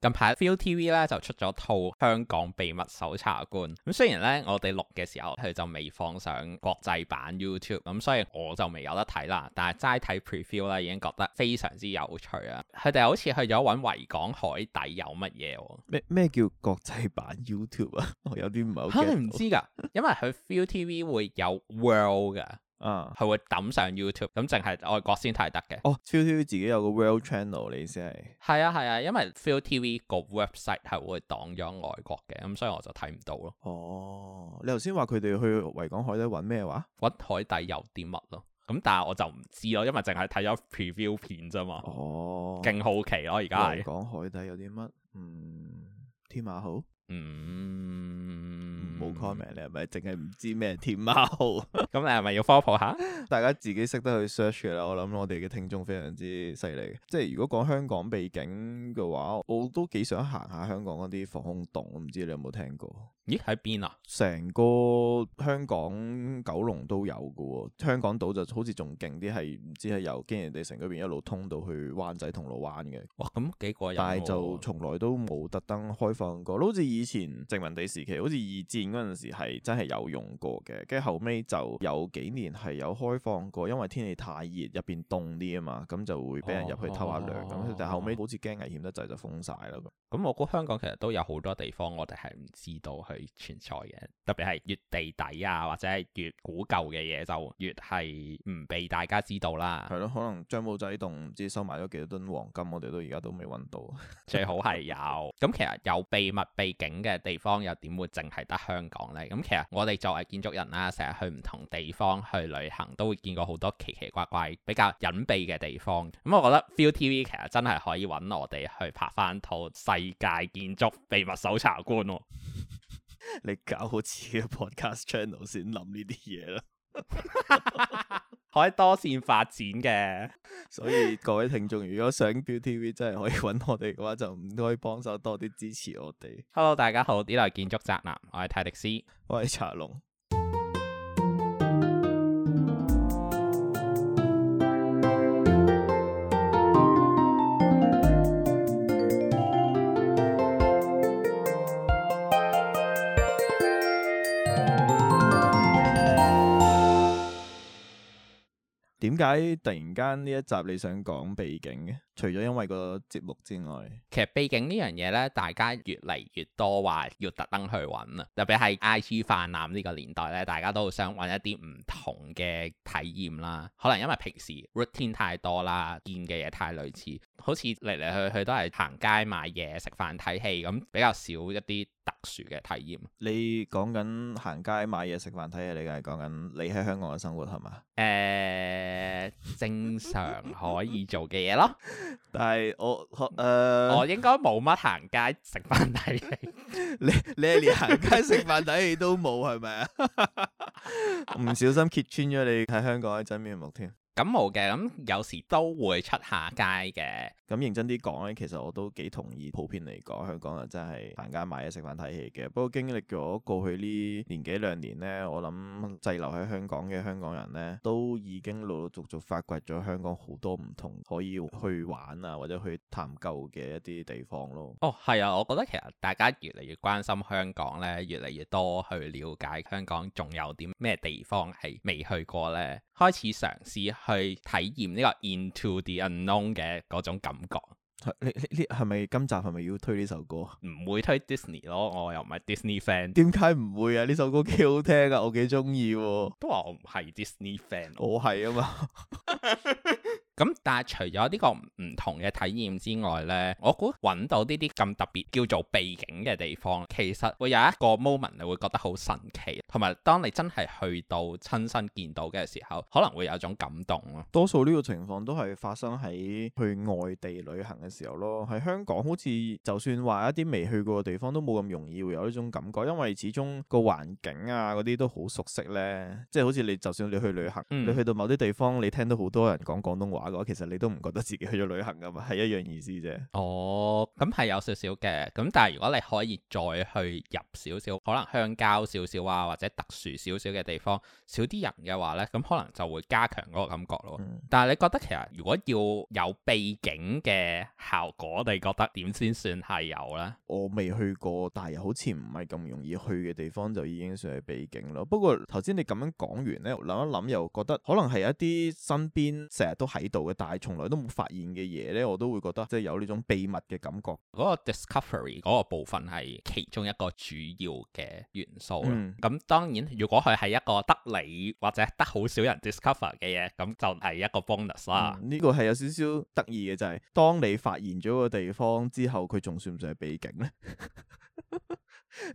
近排 ViuTV 咧就出咗套《香港秘密搜查官》，咁雖然咧我哋錄嘅時候佢就未放上國際版 YouTube，咁所以我就未有得睇啦。但係齋睇 preview 咧已經覺得非常之有趣啊！佢哋好似去咗搵維港海底有乜嘢喎？咩咩叫國際版 YouTube 啊？我有啲唔係好記得，你唔知噶？ 因為佢 ViuTV 會有 World 噶。啊，佢、嗯、會抌上 YouTube，咁淨係外國先睇得嘅。哦，Feel TV 自己有個 World Channel，你意思係？係啊係啊，因為 Feel TV 個 website 係會擋咗外國嘅，咁所以我就睇唔到咯。哦，你頭先話佢哋去維港海底揾咩話？揾海底有啲乜咯？咁但係我就唔知咯，因為淨係睇咗 preview 片啫嘛。哦。勁好奇咯，而家維港海底有啲乜？嗯，天馬好。嗯。冇 comment，嗯，你係咪淨係唔知咩天貓？咁你係咪要科普下？大家自己識得去 search 嘅啦。我諗我哋嘅聽眾非常之犀利，即係如果講香港背景嘅話，我都幾想行下香港嗰啲防空洞，我唔知你有冇聽過？咦喺邊啊？成個香港九龍都有嘅喎、哦，香港島就好似仲勁啲，係唔知係由堅尼地城嗰邊一路通到去灣仔銅鑼灣嘅。哇，咁、嗯、幾過癮，但係就從來都冇特登開放過。好、哦、似以前殖民地時期，好似二戰嗰陣時係真係有用過嘅。跟住後尾就有幾年係有開放過，因為天氣太熱，入邊凍啲啊嘛，咁、嗯、就會俾人入去偷下涼。咁、哦哦、但係後尾好似驚危險得滯，就封晒啦。咁、哦哦、我估香港其實都有好多地方，我哋係唔知道係存在嘅，特別係越地底啊，或者係越古舊嘅嘢，就越係唔被大家知道啦。係咯，可能張保仔洞唔知收埋咗幾多噸黃金，我哋都而家都未揾到。最好係有咁， 其實有秘密秘境嘅地方又點會淨係得香港呢？咁其實我哋作為建築人啦、啊，成日去唔同地方去旅行，都會見過好多奇奇怪怪比較隱秘嘅地方。咁我覺得 ViuTV 其實真係可以揾我哋去拍翻套《世界建築秘密搜查官、哦》喎。 你搞好自己嘅 podcast channel 先諗呢啲嘢啦，可以多線發展嘅，所以各位聽眾如果想 build TV 真係可以揾我哋嘅話，就唔該幫手多啲支持我哋。Hello，大家好，呢度係建築宅男，我係泰迪斯，我係長龍。點解突然間呢一集你想講秘境嘅？除咗因為個節目之外，其實背景呢樣嘢呢，大家越嚟越多話要特登去揾啦。特別係 IG 泛濫呢個年代呢，大家都好想揾一啲唔同嘅體驗啦。可能因為平時 routine 太多啦，見嘅嘢太類似，好似嚟嚟去去都係行街買嘢、食飯睇戲咁，比較少一啲特殊嘅體驗。你講緊行街買嘢食飯睇嘢，你梗係講緊你喺香港嘅生活係嘛？誒、呃，正常可以做嘅嘢咯。但係我，誒，呃、我應該冇乜行街食飯睇戲。 你你連行街食飯睇戲都冇，係咪啊？唔 小心揭穿咗你喺香港嘅真面目添。咁冇嘅，咁有時都會出下街嘅。咁認真啲講咧，其實我都幾同意，普遍嚟講香港人真係行街買嘢、食飯、睇戲嘅。不過經歷咗過去呢年幾兩年咧，我諗滯留喺香港嘅香港人咧，都已經陸陸續續發掘咗香港好多唔同可以去玩啊，或者去探究嘅一啲地方咯。哦，係啊，我覺得其實大家越嚟越關心香港咧，越嚟越多去了解香港仲有點咩地方係未去過咧，開始嘗試去體驗呢個 into the unknown 嘅嗰種感。咁講，嗯，你你呢係咪今集係咪要推呢首歌？唔會推 Disney 咯，我又唔係 Disney fan。點解唔會啊？呢首歌幾好聽啊，我幾中意。都話我唔係 Disney fan，我係是啊嘛。 咁但係除咗呢個唔同嘅體驗之外咧，我估搵到呢啲咁特別叫做秘境嘅地方，其實會有一個 moment 你會覺得好神奇，同埋當你真係去到親身見到嘅時候，可能會有一種感動咯。多數呢個情況都係發生喺去外地旅行嘅時候咯，喺香港好似就算話一啲未去過嘅地方都冇咁容易會有呢種感覺，因為始終個環境啊啲都好熟悉咧，即係好似你就算你去旅行，嗯、你去到某啲地方，你聽到好多人講廣東話。其實你都唔覺得自己去咗旅行噶嘛，係一樣意思啫。哦，咁係有少少嘅，咁但係如果你可以再去入少少，可能鄉郊少少啊，或者特殊少少嘅地方，少啲人嘅話呢，咁可能就會加強嗰個感覺咯。嗯、但係你覺得其實如果要有秘境嘅效果，你覺得點先算係有呢？我未去過，但係好似唔係咁容易去嘅地方就已經算係秘境咯。不過頭先你咁樣講完呢，諗一諗又覺得可能係一啲身邊成日都喺度。但係從來都冇發現嘅嘢呢，我都會覺得即係有呢種秘密嘅感覺。嗰個 discovery 嗰個部分係其中一個主要嘅元素。咁、嗯、當然，如果佢係一個得你或者得好少人 discover 嘅嘢，咁就係一個 bonus 啦。呢、嗯，這個係有少少得意嘅，就係、是、當你發現咗個地方之後，佢仲算唔算係秘境呢？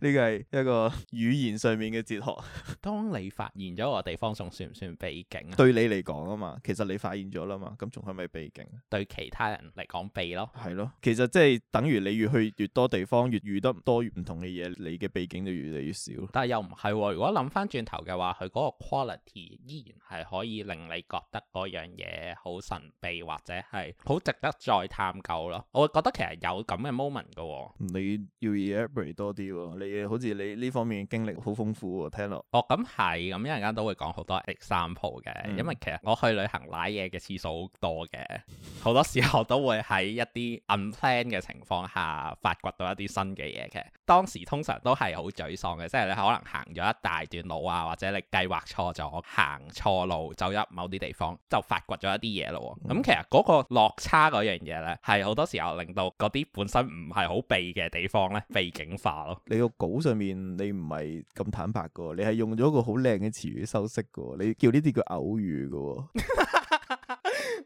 呢個係一個語言上面嘅哲學。 當你發現咗個地方，仲算唔算秘境？對你嚟講啊嘛，其實你發現咗啦嘛，咁仲係咪秘境？對其他人嚟講，秘咯。係咯，其實即係等於你越去越多地方，越遇得多唔同嘅嘢，你嘅秘境就越嚟越少。但係又唔係喎，如果諗返轉頭嘅話，佢嗰個 quality 依然係可以令你覺得嗰樣嘢好神秘或者係好值得再探究咯。我會覺得其實有咁嘅 moment 㗎。你要 react 多啲喎。你好似你呢方面嘅經歷好豐富喎，聽落。哦，咁、嗯、係，咁一陣間都會講好多 example 嘅，嗯嗯、因為其實我去旅行瀨嘢嘅次數好多嘅，好多時候都會喺一啲 unplan 嘅情況下發掘到一啲新嘅嘢嘅。其實當時通常都係好沮喪嘅，即係你可能行咗一大段路啊，或者你計劃錯咗行錯路，走咗某啲地方就發掘咗一啲嘢咯。咁其實嗰個落差嗰樣嘢呢，係好多時候令到嗰啲本身唔係好避嘅地方呢，被景化咯。 你個稿上面你唔係咁坦白噶，你係用咗一個好靚嘅詞語修飾噶，你叫呢啲叫偶遇噶。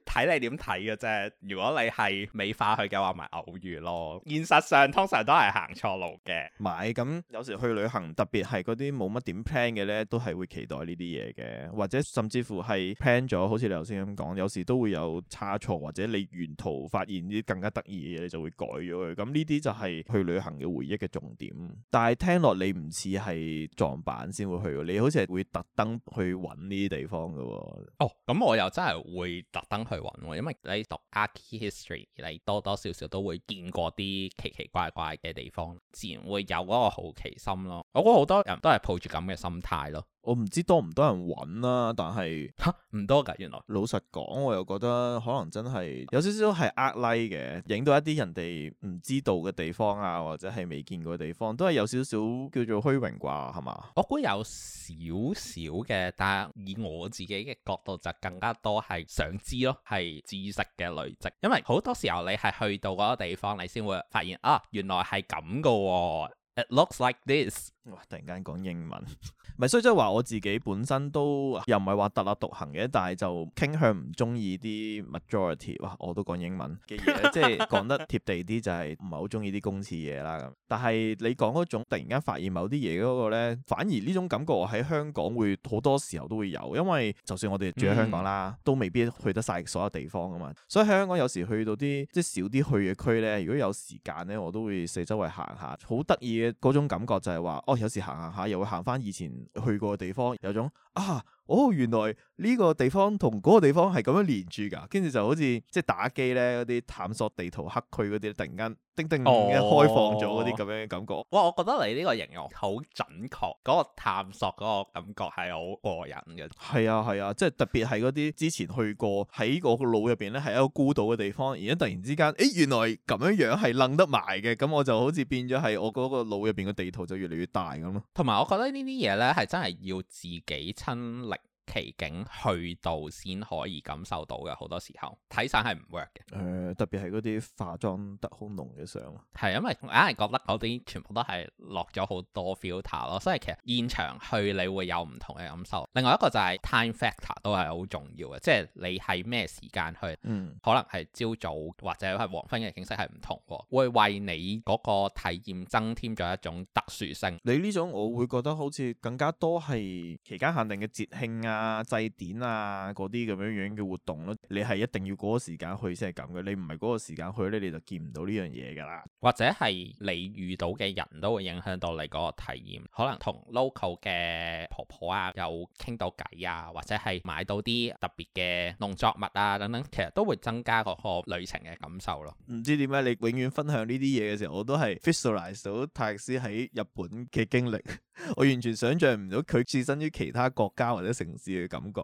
睇你點睇嘅啫，如果你係美化佢嘅話，咪、就是、偶遇咯。現實上通常都係行錯路嘅，咪咁、嗯、有時去旅行，特別係嗰啲冇乜點 plan 嘅咧，都係會期待呢啲嘢嘅，或者甚至乎係 plan 咗，好似你頭先咁講，有時都會有差錯，或者你沿途發現啲更加得意嘅嘢，你就會改咗佢。咁呢啲就係去旅行嘅回憶嘅重點。但係聽落你唔似係撞板先會去，你好似係會特登去搵呢啲地方㗎。哦，咁我又真係會特登。去揾因為，你讀 arch history 你多多少少都會見過啲奇奇怪怪嘅地方，自然會有嗰個好奇心咯。我覺得好多人都係抱住咁嘅心態咯。我唔知多唔多人揾啦、啊，但係吓唔多㗎。原來老實講，我又覺得可能真係有少少係呃 like 嘅，影到一啲人哋唔知道嘅地方啊，或者係未見過嘅地方，都係有少少叫做虛榮啩，係嘛？我估有少少嘅，但係以我自己嘅角度就更加多係想知咯，係知識嘅累積。因為好多時候你係去到嗰個地方，你先會發現啊，原來係咁噶喎。It looks like this 哇！突然間講英文。 咪所以即係話我自己本身都又唔係話特立獨行嘅，但係就傾向唔中意啲 majority 哇，我都講英文嘅嘢， 即係講得貼地啲就係唔係好中意啲公廁嘢啦咁。但係你講嗰種突然間發現某啲嘢嗰個咧，反而呢種感覺我喺香港會好多時候都會有，因為就算我哋住喺香港啦，嗯、都未必去得晒所有地方噶嘛。所以喺香港有時去到啲即係少啲去嘅區咧，如果有時間咧，我都會四周圍行下，好得意嘅嗰種感覺就係話，哦，有時行行下又會行翻以前去過嘅地方有種啊，哦，原來呢個地方同嗰個地方係咁樣連住㗎，跟住就好似即係打機咧，嗰啲探索地圖黑區嗰啲，突然間～定定嘅開放咗嗰啲咁樣嘅感覺，哇、哦！我覺得你呢個形容好準確，嗰、嗰個探索嗰個感覺係好過癮嘅。係啊，係啊，即係特別係嗰啲之前去過喺個腦入邊咧係一個孤島嘅地方，而家突然之間，誒原來咁樣樣係連得埋嘅，咁我就好似變咗係我嗰個腦入邊嘅地圖就越嚟越大咁咯。同埋我覺得呢啲嘢咧係真係要自己親力。奇景去到先可以感受到嘅，好多時候睇相係唔 work 嘅。誒、呃，特別係嗰啲化妝得好濃嘅相，係因為我硬係覺得嗰啲全部都係落咗好多 filter 咯，所以其實現場去你會有唔同嘅感受。另外一個就係 time factor 都係好重要嘅，即係你係咩時間去，嗯，可能係朝早或者係黃昏嘅景色係唔同，會為你嗰個體驗增添咗一種特殊性。你呢種我會覺得好似更加多係期間限定嘅節慶啊。啊，祭典啊嗰啲咁樣樣嘅活動咯，你係一定要嗰個時間去先係咁嘅，你唔係嗰個時間去咧，你就見唔到呢樣嘢噶啦。或者係你遇到嘅人都會影響到你嗰個體驗，可能同 local 嘅婆婆啊有傾到偈啊，或者係買到啲特別嘅農作物啊等等，其實都會增加嗰個旅程嘅感受咯。唔知點解你永遠分享呢啲嘢嘅時候，我都係 visualise 到泰斯喺日本嘅經歷， 我完全想象唔到佢置身於其他國家或者城。嘅感覺，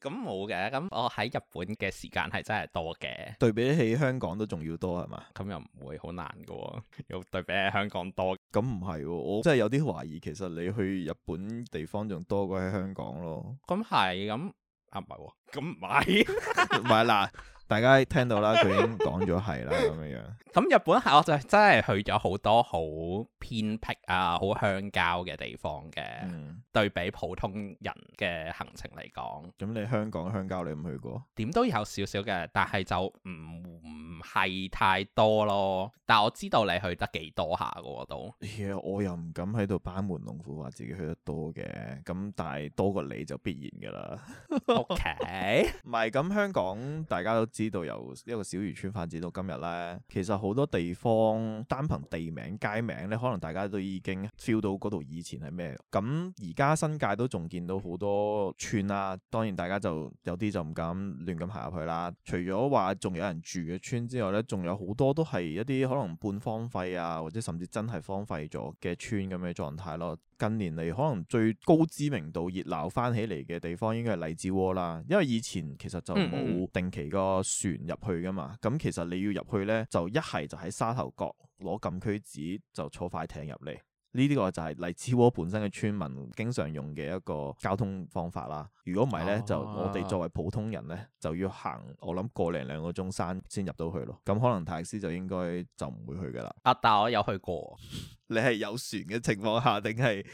咁冇嘅。咁我喺日本嘅時間係真係多嘅，對比起香港都仲要多係嘛？咁又唔會好難㗎喎，又對比起香港多，咁唔係喎，我真係有啲懷疑，其實你去日本地方仲多過喺香港咯。咁係咁，唔係喎。啊咁唔係，唔係嗱，大家聽到啦，佢已經講咗係啦，咁樣樣。咁 日本係我就真係去咗好多好偏僻啊、好鄉郊嘅地方嘅，嗯、對比普通人嘅行程嚟講。咁、嗯、你香港鄉郊你有冇去過？點 都有少少嘅，但係就唔唔係太多咯。但我知道你去得幾多下嘅喎都。Yeah, 我又唔敢喺度班門弄斧話自己去得多嘅，咁但係多過你就必然嘅啦。 OK。誒，唔係咁香港，大家都知道由一個小漁村發展到今日咧，其實好多地方單憑地名街名咧，可能大家都已經 feel 到嗰度以前係咩。咁而家新界都仲見到好多村啊，當然大家就有啲就唔敢亂咁行入去啦。除咗話仲有人住嘅村之外咧，仲有好多都係一啲可能半荒廢啊，或者甚至真係荒廢咗嘅村咁嘅狀態咯。近年嚟可能最高知名度熱鬧翻起嚟嘅地方應該係荔枝窩啦，因為以前其實就冇定期個船入去噶嘛，咁、嗯、其實你要入去呢，就一係就喺沙頭角攞禁區紙就坐快艇入嚟，呢、這、啲個就係荔枝窩本身嘅村民經常用嘅一個交通方法啦。如果唔係呢，啊啊就我哋作為普通人呢，就要行，我諗個零兩個鐘山先入到去咯。咁可能泰斯就應該就唔會去㗎啦。阿達、啊、我有去過。你係有船嘅情況下，定係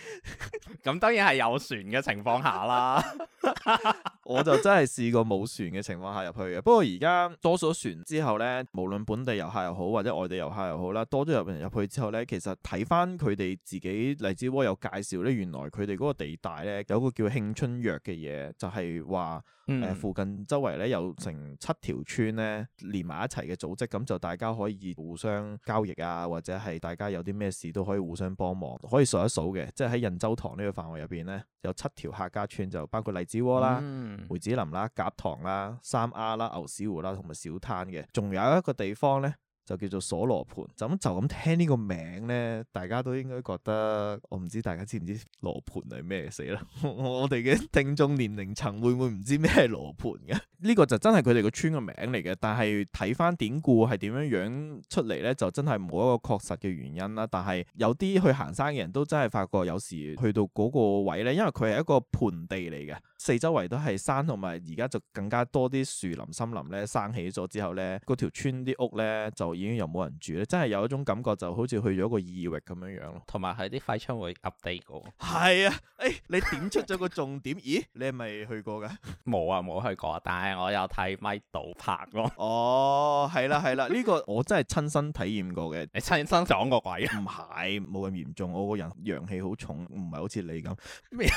咁？ 當然係有船嘅情況下啦。 我就真係試過冇船嘅情況下入去嘅。不過而家多咗船之後呢，無論本地遊客又好，或者外地遊客又好啦，多咗人入去之後呢，其實睇翻佢哋自己，荔枝窩有介紹呢，原來佢哋嗰個地帶呢，有個叫慶春約嘅嘢，就係、是、話、嗯呃、附近周圍呢，有成七條村呢連埋一齊嘅組織，咁就大家可以互相交易啊，或者係大家有啲咩事都，可以互相幫忙，可以數一數嘅，即係喺印洲塘呢個範圍入邊咧，有七條客家村，就包括荔枝窩啦、嗯、梅子林啦、甲塘啦、三丫啦、牛屎湖啦，同埋小灘嘅，仲有一個地方咧。就叫做鎖羅盆，就咁就咁聽呢個名咧，大家都應該覺得，我唔知大家知唔知羅盆係咩死啦。 我哋嘅聽眾年齡層會唔會唔知咩係羅盆嘅？呢 個就真係佢哋個村個名嚟嘅，但係睇返典故係點樣樣出嚟咧，就真係冇一個確實嘅原因啦。但係有啲去行山嘅人都真係發覺，有時去到嗰個位咧，因為佢係一個盆地嚟嘅。四周圍都係山，同埋而家就更加多啲樹林、森林咧生起咗之後咧，嗰條村啲屋咧就已經又冇人住咧，真係有一種感覺就好似去咗個異域咁樣樣咯。同埋係啲廢村會 update 過。係啊，誒、哎，你點出咗個重點？ 咦，你係咪去過噶？冇啊，冇去過，但係我有睇咪度拍咯、啊。哦，係啦係啦，呢、啊啊、 個我真係親身體驗過嘅。你親身撞過鬼？唔 係，冇咁嚴重。我個人陽氣好重，唔係好似你咁咩。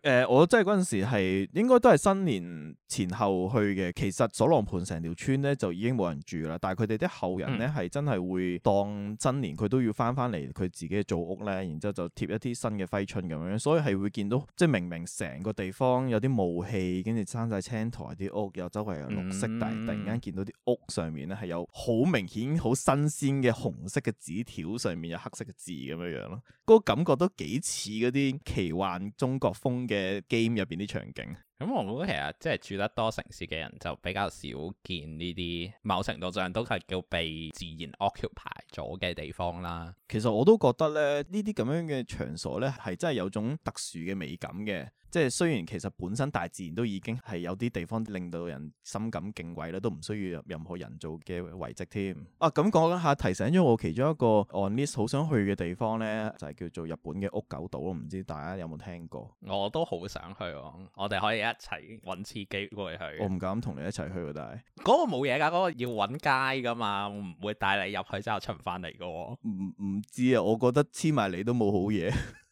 誒、呃，我即係嗰陣時係應該都係新年前後去嘅。其實鎖龍盤成條村咧就已經冇人住啦，但係佢哋啲後人咧係、嗯、真係會當新年，佢都要翻翻嚟佢自己嘅祖屋咧，然之後就貼一啲新嘅揮春咁樣，所以係會見到即係、就是、明明成個地方有啲霧氣，跟住生晒青苔啲屋，又周圍有綠色，嗯、但係突然間見到啲屋上面咧係有好明顯好新鮮嘅紅色嘅紙條，上面有黑色嘅字咁樣樣咯。嗰、那個、感覺都幾似嗰啲奇幻中國風嘅 game 入邊啲場景。咁、嗯、我覺得其實即係住得多城市嘅人就比較少見呢啲，某程度上都係叫被自然 occupy 咗嘅地方啦。其實我都覺得咧，呢啲咁樣嘅場所咧，係真係有種特殊嘅美感嘅。即、就、係、是、雖然其實本身大自然都已經係有啲地方令到人深感敬畏啦，都唔需要任何人造嘅遺跡添。啊，咁講緊下提醒咗我其中一個 on list 好想去嘅地方咧，就係、是、叫做日本嘅屋狗島。唔知大家有冇聽過？我都好想去喎、哦，我哋可以一齊揾次機會去，我唔敢同你一齊去喎。但係嗰個冇嘢㗎，嗰、嗰個要揾街㗎嘛，我唔會帶你入去之後出唔翻嚟嘅喎。唔唔知啊，我覺得黐埋你都冇好嘢。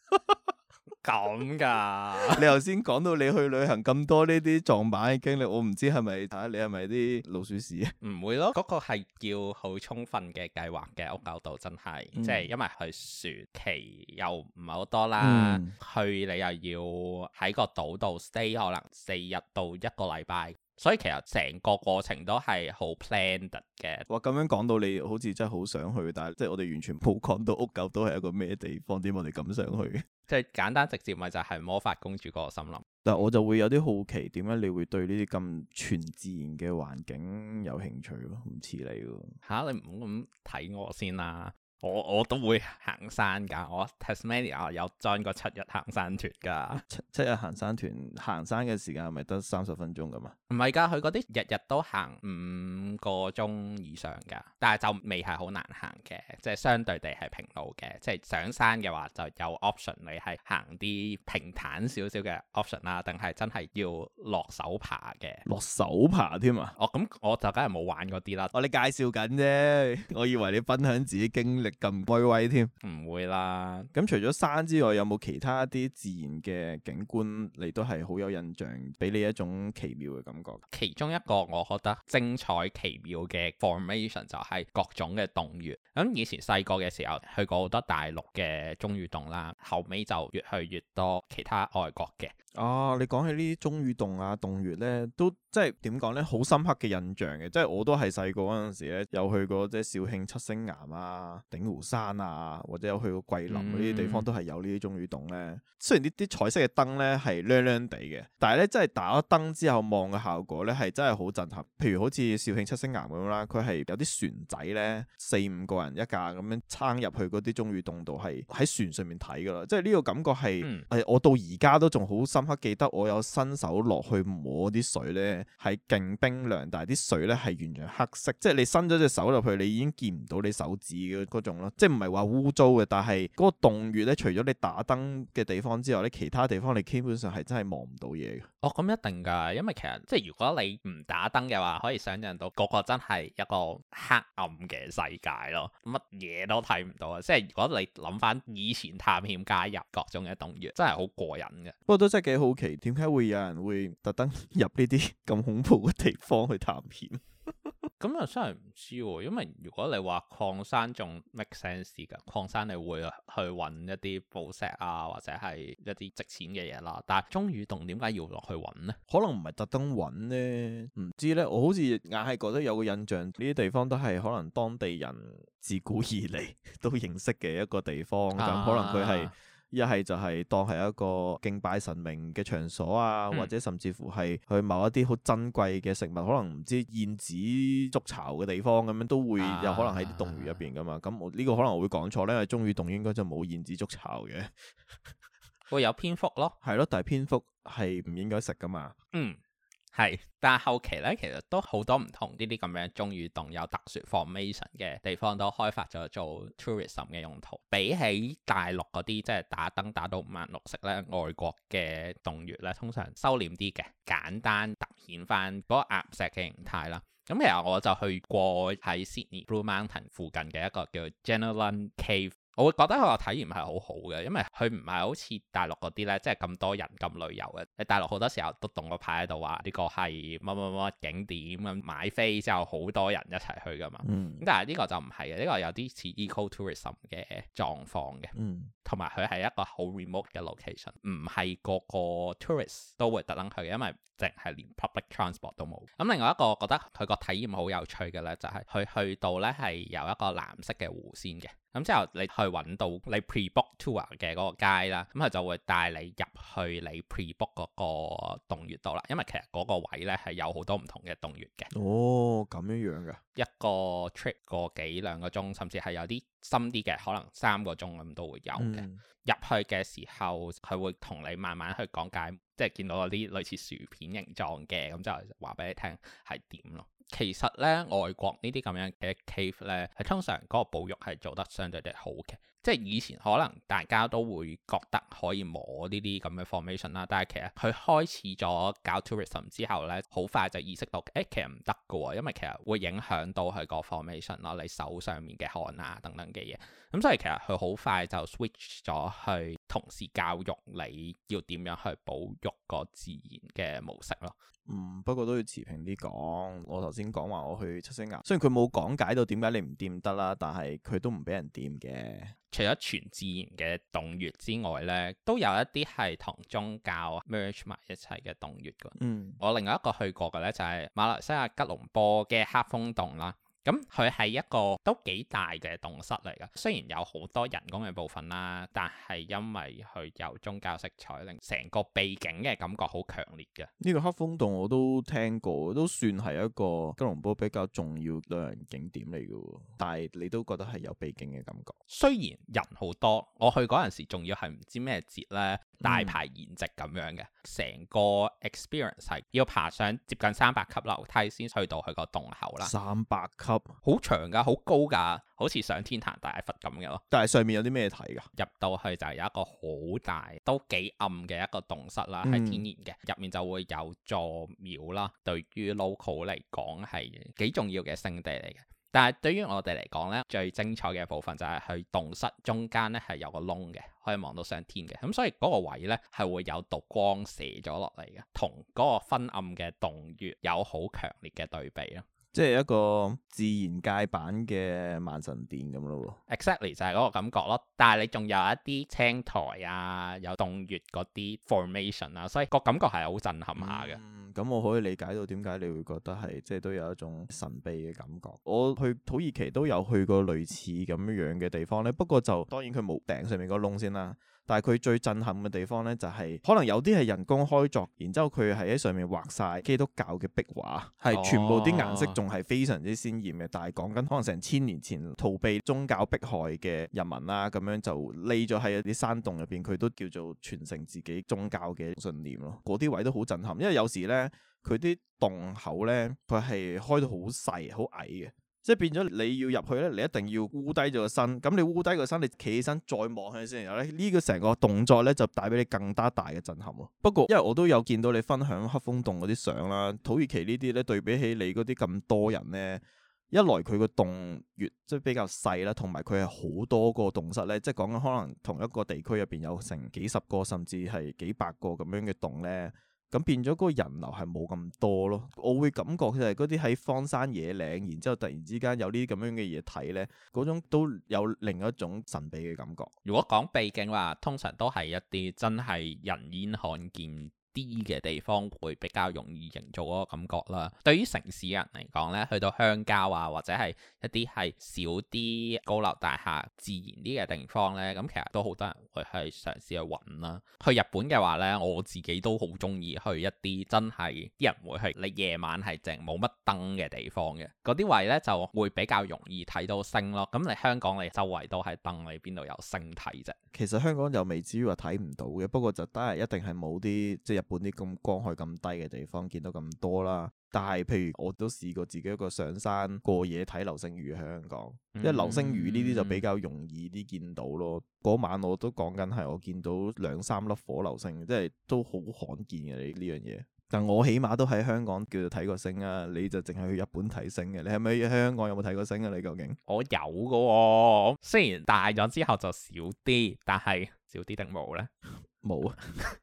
咁噶？ 你頭先講到你去旅行咁多呢啲撞板嘅經歷，我唔知係咪，睇下你係咪啲老鼠屎？唔會咯，嗰、嗰個係要好充分嘅計劃嘅。屋久島真係，嗯、即係因為去船期又唔係好多啦，嗯、去你又要喺個島度 stay 可能四日到一個禮拜。所以其實成個過程都係好 planned 嘅。哇，咁樣講到你好似真係好想去，但係即係我哋完全冇講到屋久都係一個咩地方，點我哋咁想去？即係簡單直接咪就係魔法公主嗰個森林。但係我就會有啲好奇，點解你會對呢啲咁全自然嘅環境有興趣咯？唔似你喎。吓、啊，你唔好咁睇我先啦。我我都會行山噶，我 Tasmania 有 join 過七日行山團噶。七七日行山團行山嘅時間係咪得三十分鐘噶嘛？唔係噶，佢嗰啲日日都行五個鐘以上噶，但係就未係好難行嘅，即係相對地係平路嘅。即係上山嘅話，就有 option 你係行啲平坦少少嘅 option 啦，定係真係要落手爬嘅。落手爬添啊？哦，咁我就梗係冇玩過嗰啲啦。我你介紹緊啫，我以為你分享自己經歷。 咁威威添，唔會啦。咁 除咗山之外，有冇其他一啲自然嘅景觀你都係好有印象，俾你一種奇妙嘅感覺？其中一個我覺得精彩奇妙嘅 formation 就係各種嘅洞穴。咁以前細個嘅時候去過好多大陸嘅鐘乳洞啦，後尾就越去越多其他外國嘅。啊！你講起呢啲鐘乳洞啊、洞穴咧，都即係點講咧，好深刻嘅印象嘅。即係我都係細個嗰陣時咧，有去過即係肇慶七星岩啊、鼎湖山啊，或者有去過桂林嗰啲地方，都係有呢啲鐘乳洞咧。嗯、雖然呢啲彩色嘅燈咧係靚靚地嘅，但係咧真係打咗燈之後望嘅效果咧係真係好震撼。譬如好似肇慶七星岩咁樣啦，佢係有啲船仔咧，四五個人一架咁樣撐入去嗰啲鐘乳洞度，係喺船上面睇噶啦。即係呢個感覺係，誒、嗯、我到而家都仲好深刻。我記得我有伸手落去摸啲水咧，係勁冰涼，但係啲水咧係完全黑色，即係你伸咗隻手落去，你已經見唔到你手指嘅嗰種咯，即係唔係話污糟嘅，但係嗰個洞穴咧，除咗你打燈嘅地方之外咧，其他地方你基本上係真係望唔到嘢。哦，咁一定噶，因為其實即係如果你唔打燈嘅話，可以想象到個個真係一個黑暗嘅世界咯，乜嘢都睇唔到啊！即係如果你諗翻以前探險家入各種嘅洞穴，真係好過癮嘅。不過都真係好奇點解會有人會特登入呢啲咁恐怖嘅地方去探險？咁又真係唔知、啊，因為如果你話礦山仲 make sense 嘅，礦山你會去搵一啲寶石啊，或者係一啲值錢嘅嘢啦。但係鐘乳洞點解要落去搵呢？可能唔係特登搵呢，唔知呢。我好似硬係覺得有個印象，呢啲地方都係可能當地人自古以嚟都認識嘅一個地方，就、啊、可能佢係。一係就係當係一個敬拜神明嘅場所啊，嗯、或者甚至乎係去某一啲好珍貴嘅食物，可能唔知燕子築巢嘅地方咁樣都會有可能喺啲洞穴入邊噶嘛。咁我呢個可能我會講錯咧，因為鐘乳洞應該就冇燕子築巢嘅， 會有蝙蝠咯。係咯，但係蝙蝠係唔應該食噶嘛。嗯。係，但係後期咧，其實都好多唔同呢啲咁樣鐘乳洞有特殊 formation 嘅地方，都開發咗做 tourism 嘅用途。比起大陸嗰啲即係打燈打到五顏六色咧，外國嘅洞穴咧通常收斂啲嘅，簡單突顯翻嗰個岩石嘅形態啦。咁其實我就去過喺 Sydney Blue Mountain 附近嘅一個叫 Jenolan Cave。我會覺得佢個體驗係好好嘅，因為佢唔係好似大陸嗰啲咧，即係咁多人咁旅遊嘅。你大陸好多時候都動個牌喺度話呢個係乜乜乜景點咁買飛之後好多人一齊去㗎嘛。咁、嗯、但係呢個就唔係嘅，呢、呢個有啲似 eco tourism 嘅狀況嘅，同埋佢係一個好 remote 嘅 location，唔係個個 tourist 都會特登去嘅，因為淨係連 public transport 都冇。咁另外一個我覺得佢個體驗好有趣嘅咧，就係、是、佢去到咧係有一個藍色嘅湖先嘅。咁之後你去揾到你 prebook tour 嘅嗰個街啦，咁佢就會帶你入去你 prebook 嗰個洞穴度啦。因為其實嗰個位咧係有好多唔同嘅洞穴嘅。哦，咁樣樣嘅一個 trip 個幾兩個鐘，甚至係有啲深啲嘅，可能三個鐘咁都會有嘅。入、嗯、去嘅時候，佢會同你慢慢去講解，即係見到嗰啲類似薯片形狀嘅，咁就話俾你聽係點咯。其實咧，外國這這呢啲咁樣嘅 cave 咧，係通常嗰個保育係做得相對好的好嘅。即係以前可能大家都會覺得可以摸呢啲咁嘅 formation 啦，但係其實佢開始咗搞 tourism 之後咧，好快就意識到誒、欸，其實唔得噶喎，因為其實會影響到佢個 formation 咯，你手上面嘅汗啊等等嘅嘢。咁所以其實佢好快就 switch 咗去同時教育你要點樣去保育個自然嘅模式咯。嗯，不過都要持平啲講，我頭先講話我去七星岩，雖然佢冇講解到點解你唔掂得啦，但係佢都唔俾人掂嘅。除咗全自然嘅洞穴之外咧，都有一啲係同宗教 merge 埋一齊嘅洞穴噶。嗯，我另外一個去過嘅咧就係馬來西亞吉隆坡嘅黑風洞啦。咁佢係一個都幾大嘅洞室嚟噶，雖然有好多人工嘅部分啦，但係因為佢有宗教色彩，令成個秘境嘅感覺好強烈嘅。呢個黑風洞我都聽過，都算係一個吉隆坡比較重要嘅景點嚟噶。但係你都覺得係有秘境嘅感覺？雖然人好多，我去嗰陣時仲要係唔知咩節咧，大排筵席咁樣嘅，成、嗯、個 experience 係要爬上接近三百級樓梯先去到佢個洞口啦。三百級？好長噶，好高噶，好似上天壇大佛咁嘅咯。但係上面有啲咩睇噶？入到去就係有一個好大都幾暗嘅一個洞室啦，係天然嘅。入、嗯、面就會有座廟啦，對於 local 嚟講係幾重要嘅聖地嚟嘅。但係對於我哋嚟講呢，最精彩嘅部分就係佢洞室中間呢係有個窿嘅，可以望到上天嘅。咁所以嗰個位呢係會有道光射咗落嚟嘅，同嗰個昏暗嘅洞穴有好強烈嘅對比咯。即係一個自然界版嘅萬神殿咁咯。Exactly，就係嗰個感覺咯。但係你仲有一啲青苔啊，有洞穴嗰啲 formation 啊，所以個感覺係好震撼下嘅。嗯、咁、我可以理解到點解你會覺得係即係都有一種神秘嘅感覺。我去土耳其都有去過類似咁樣嘅地方咧，不過就當然佢冇頂上面個窿先啦。但係佢最震撼嘅地方咧，就係、是、可能有啲係人工開鑿，然之後佢係喺上面畫晒基督教嘅壁畫，係、哦、全部啲顏色仲係非常之鮮豔嘅。但係講緊可能成千年前逃避宗教迫害嘅人民啦，咁樣就匿咗喺一啲山洞入邊，佢都叫做傳承自己宗教嘅信念咯。嗰啲位都好震撼，因為有時咧佢啲洞口咧，佢係開到好細好矮嘅。即係變咗你要入去咧，你一定要彎低咗個身。咁你彎低個身，你企起身再望向先然後咧，呢、這個成個動作咧就帶俾你更加大嘅震撼。不過因為我都有見到你分享黑風洞嗰啲相啦，土耳其呢啲咧對比起你嗰啲咁多人咧，一來佢個洞穴即係、就是、比較細啦，同埋佢係好多個洞室咧，即係講緊可能同一個地區入邊有成幾十個甚至係幾百個咁樣嘅洞咧。咁變咗嗰個人流係冇咁多咯，我會感覺其實嗰啲喺荒山野嶺，然之後突然之間有呢啲咁樣嘅嘢睇咧，嗰種都有另一種神秘嘅感覺。如果講秘境話，通常都係一啲真係人煙罕見啲嘅地方會比較容易營造嗰個感覺啦。對於城市人嚟講呢，去到鄉郊啊，或者係一啲係少啲高樓大廈，自然啲嘅地方呢，咁、嗯、其實都好多人會去嘗試去揾啦。去日本嘅話呢，我自己都好中意去一啲真係啲人會去，你夜晚係淨冇乜燈嘅地方嘅嗰啲位呢，就會比較容易睇到星咯。咁、嗯、你香港你周圍都係燈，你邊度有星睇啫？其實香港又未至於話睇唔到嘅，不過就得係一定係冇啲即係本啲咁光害咁低嘅地方，見到咁多啦。但係，譬如我都試過自己一個上山過夜睇流星雨喺香港，因為、嗯、流星雨呢啲就比較容易啲見到咯。嗰、嗯、晚我都講緊係我見到兩三粒火流星，即係都好罕見嘅你呢樣嘢。但我起碼都喺香港叫做睇過星啊。你就淨係去日本睇星嘅？你係咪喺香港有冇睇過星啊？你究竟？我有噶、哦，雖然大咗之後就少啲，但係少啲定冇咧？冇啊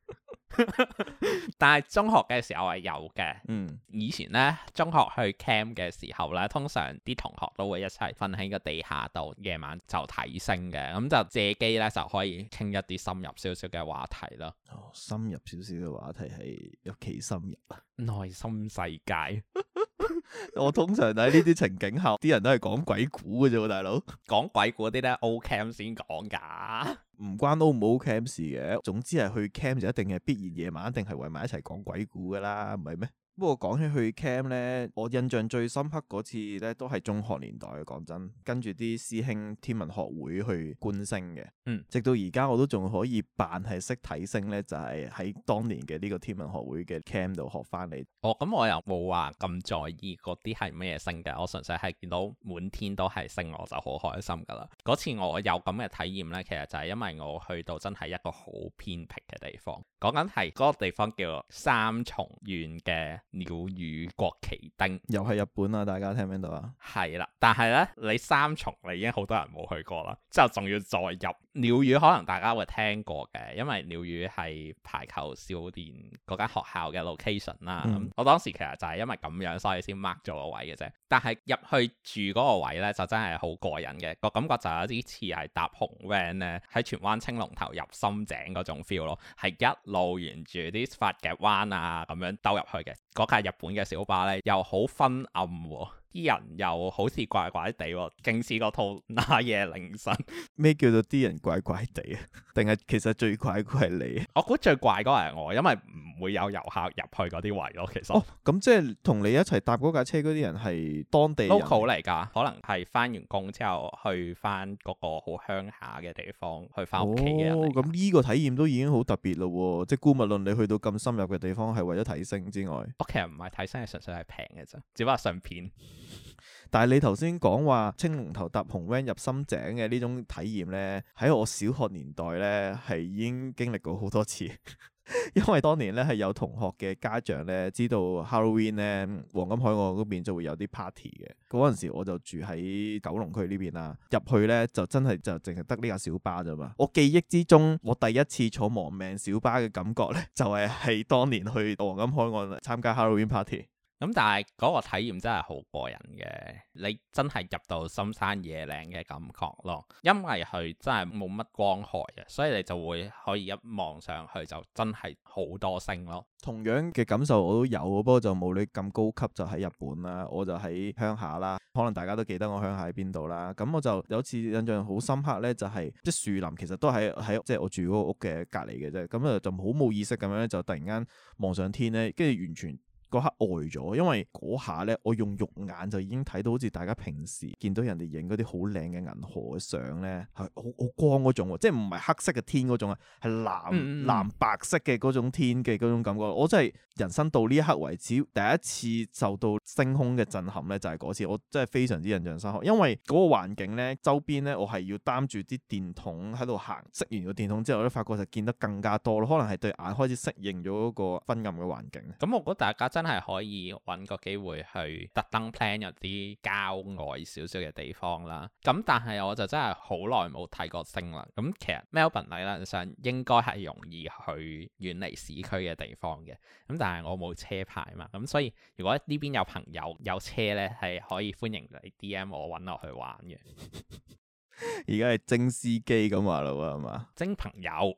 有。 但係中學嘅時候係有嘅，嗯，以前呢，中學去 camp 嘅時候呢，通常啲同學都會一齊瞓喺個地下度，夜晚就睇星嘅，咁就借機呢，就可以傾一啲深入少少嘅話題咯。哦，深入少少嘅話題係尤其深入啊，內心世界。 我通常喺呢啲情景下，啲 人都係講鬼故嘅啫，大佬，講鬼故啲呢，o camp 先講噶。唔關都冇 camp 事嘅。總之係去 camp 就一定係必然夜晚，一定係圍埋一齊講鬼故噶啦，唔係咩？不過講起去 cam 咧，我印象最深刻嗰次咧，都係中學年代。講真，跟住啲師兄天文學會去觀星嘅，嗯，直到而家我都仲可以扮係識睇星咧，就係、是、喺當年嘅呢個天文學會嘅 cam 度學翻嚟。哦，咁、嗯、我又冇話咁在意嗰啲係咩星嘅，我純粹係見到滿天都係星，我就好開心噶啦。嗰次我有咁嘅體驗咧，其實就係因為我去到真係一個好偏僻嘅地方，講緊係嗰個地方叫三重縣嘅。鳥羽國旗町又去日本啦，大家聽唔聽到啊？係啦，但係咧，你三重你已經好多人冇去過啦，之後仲要再入。鳥語可能大家會聽過嘅，因為鳥語係排球少年嗰間學校嘅 location 啦。咁我當時其實就係因為咁樣，所以先 mark 咗個位嘅啫。但係入去住嗰個位咧，就真係好過癮嘅。個感覺就有一啲似係搭紅 van 咧，喺荃灣青龍頭入深井嗰種 feel 咯，係一路沿住啲發夾彎啊咁樣兜入去嘅。嗰架日本嘅小巴咧，又好昏暗喎、哦。啲人又好似怪怪地、哦，勁似個套那夜凌晨 。咩叫做啲人怪怪地啊？定係其實最怪怪你？ 我估最怪嗰個係我，因為唔會有遊客入去嗰啲位咯。其實咁即係同你一齊搭嗰架車嗰啲人係當地 local 嚟㗎，可能係翻完工之後去翻嗰個好鄉下嘅地方去翻屋企嘅人，咁呢個體驗都已經好特別咯、哦，即係姑勿論你去到咁深入嘅地方係為咗睇星之外，我其實唔係睇星，係純粹係平嘅啫，只不過相片。但係你頭先講話青龍頭搭紅 van 入深井嘅呢種體驗呢，喺我小學年代呢，係已經經歷過好多次， 因為當年呢，係有同學嘅家長呢知道 Halloween 呢黃金海岸嗰邊就會有啲 party 嘅，嗰陣時我就住喺九龍區呢邊啦，入去呢就真係就淨係得呢架小巴咋嘛，我記憶之中我第一次坐亡命小巴嘅感覺呢，就係係當年去黃金海岸參加 Halloween party。咁、嗯、但係嗰個體驗真係好過癮嘅，你真係入到深山野嶺嘅感覺咯，因為佢真係冇乜光害嘅，所以你就會可以一望上去就真係好多星咯。同樣嘅感受我都有，不過就冇你咁高級。就喺日本啦，我就喺鄉下啦，可能大家都記得我鄉下喺邊度啦。咁我就有次印象好深刻咧，就係啲樹林其實都喺喺即係我住嗰個屋嘅隔籬嘅啫。咁啊就好冇意識咁樣就突然間望上天咧，跟住完全，嗰刻呆咗，因為嗰下咧，我用肉眼就已經睇到，好似大家平時見到人哋影嗰啲好靚嘅銀河嘅相咧，係好好光嗰種，即係唔係黑色嘅天嗰種啊，係藍、嗯、藍白色嘅嗰種天嘅嗰種感覺，我真係人生到呢一刻為止，第一次受到星空嘅震撼咧，就係、是、嗰次，我真係非常之印象深刻。因為嗰個環境咧，周邊咧，我係要擔住啲電筒喺度行，熄完個電筒之後咧，發覺就見得更加多咯。可能係對眼開始適應咗嗰個昏暗嘅環境。咁我覺得大家真真係可以揾個機會去特登 plan 入啲郊外少少嘅地方啦。咁、嗯、但係我就真係好耐冇睇過星啦。咁、嗯、其實 Melbourne 理論上應該係容易去遠離市區嘅地方嘅。咁、嗯、但係我冇車牌嘛。咁、嗯、所以如果呢邊有朋友有車呢，係可以歡迎嚟 DM 我揾我去玩嘅。而家係徵司機咁話啦喎，係嘛？徵朋友。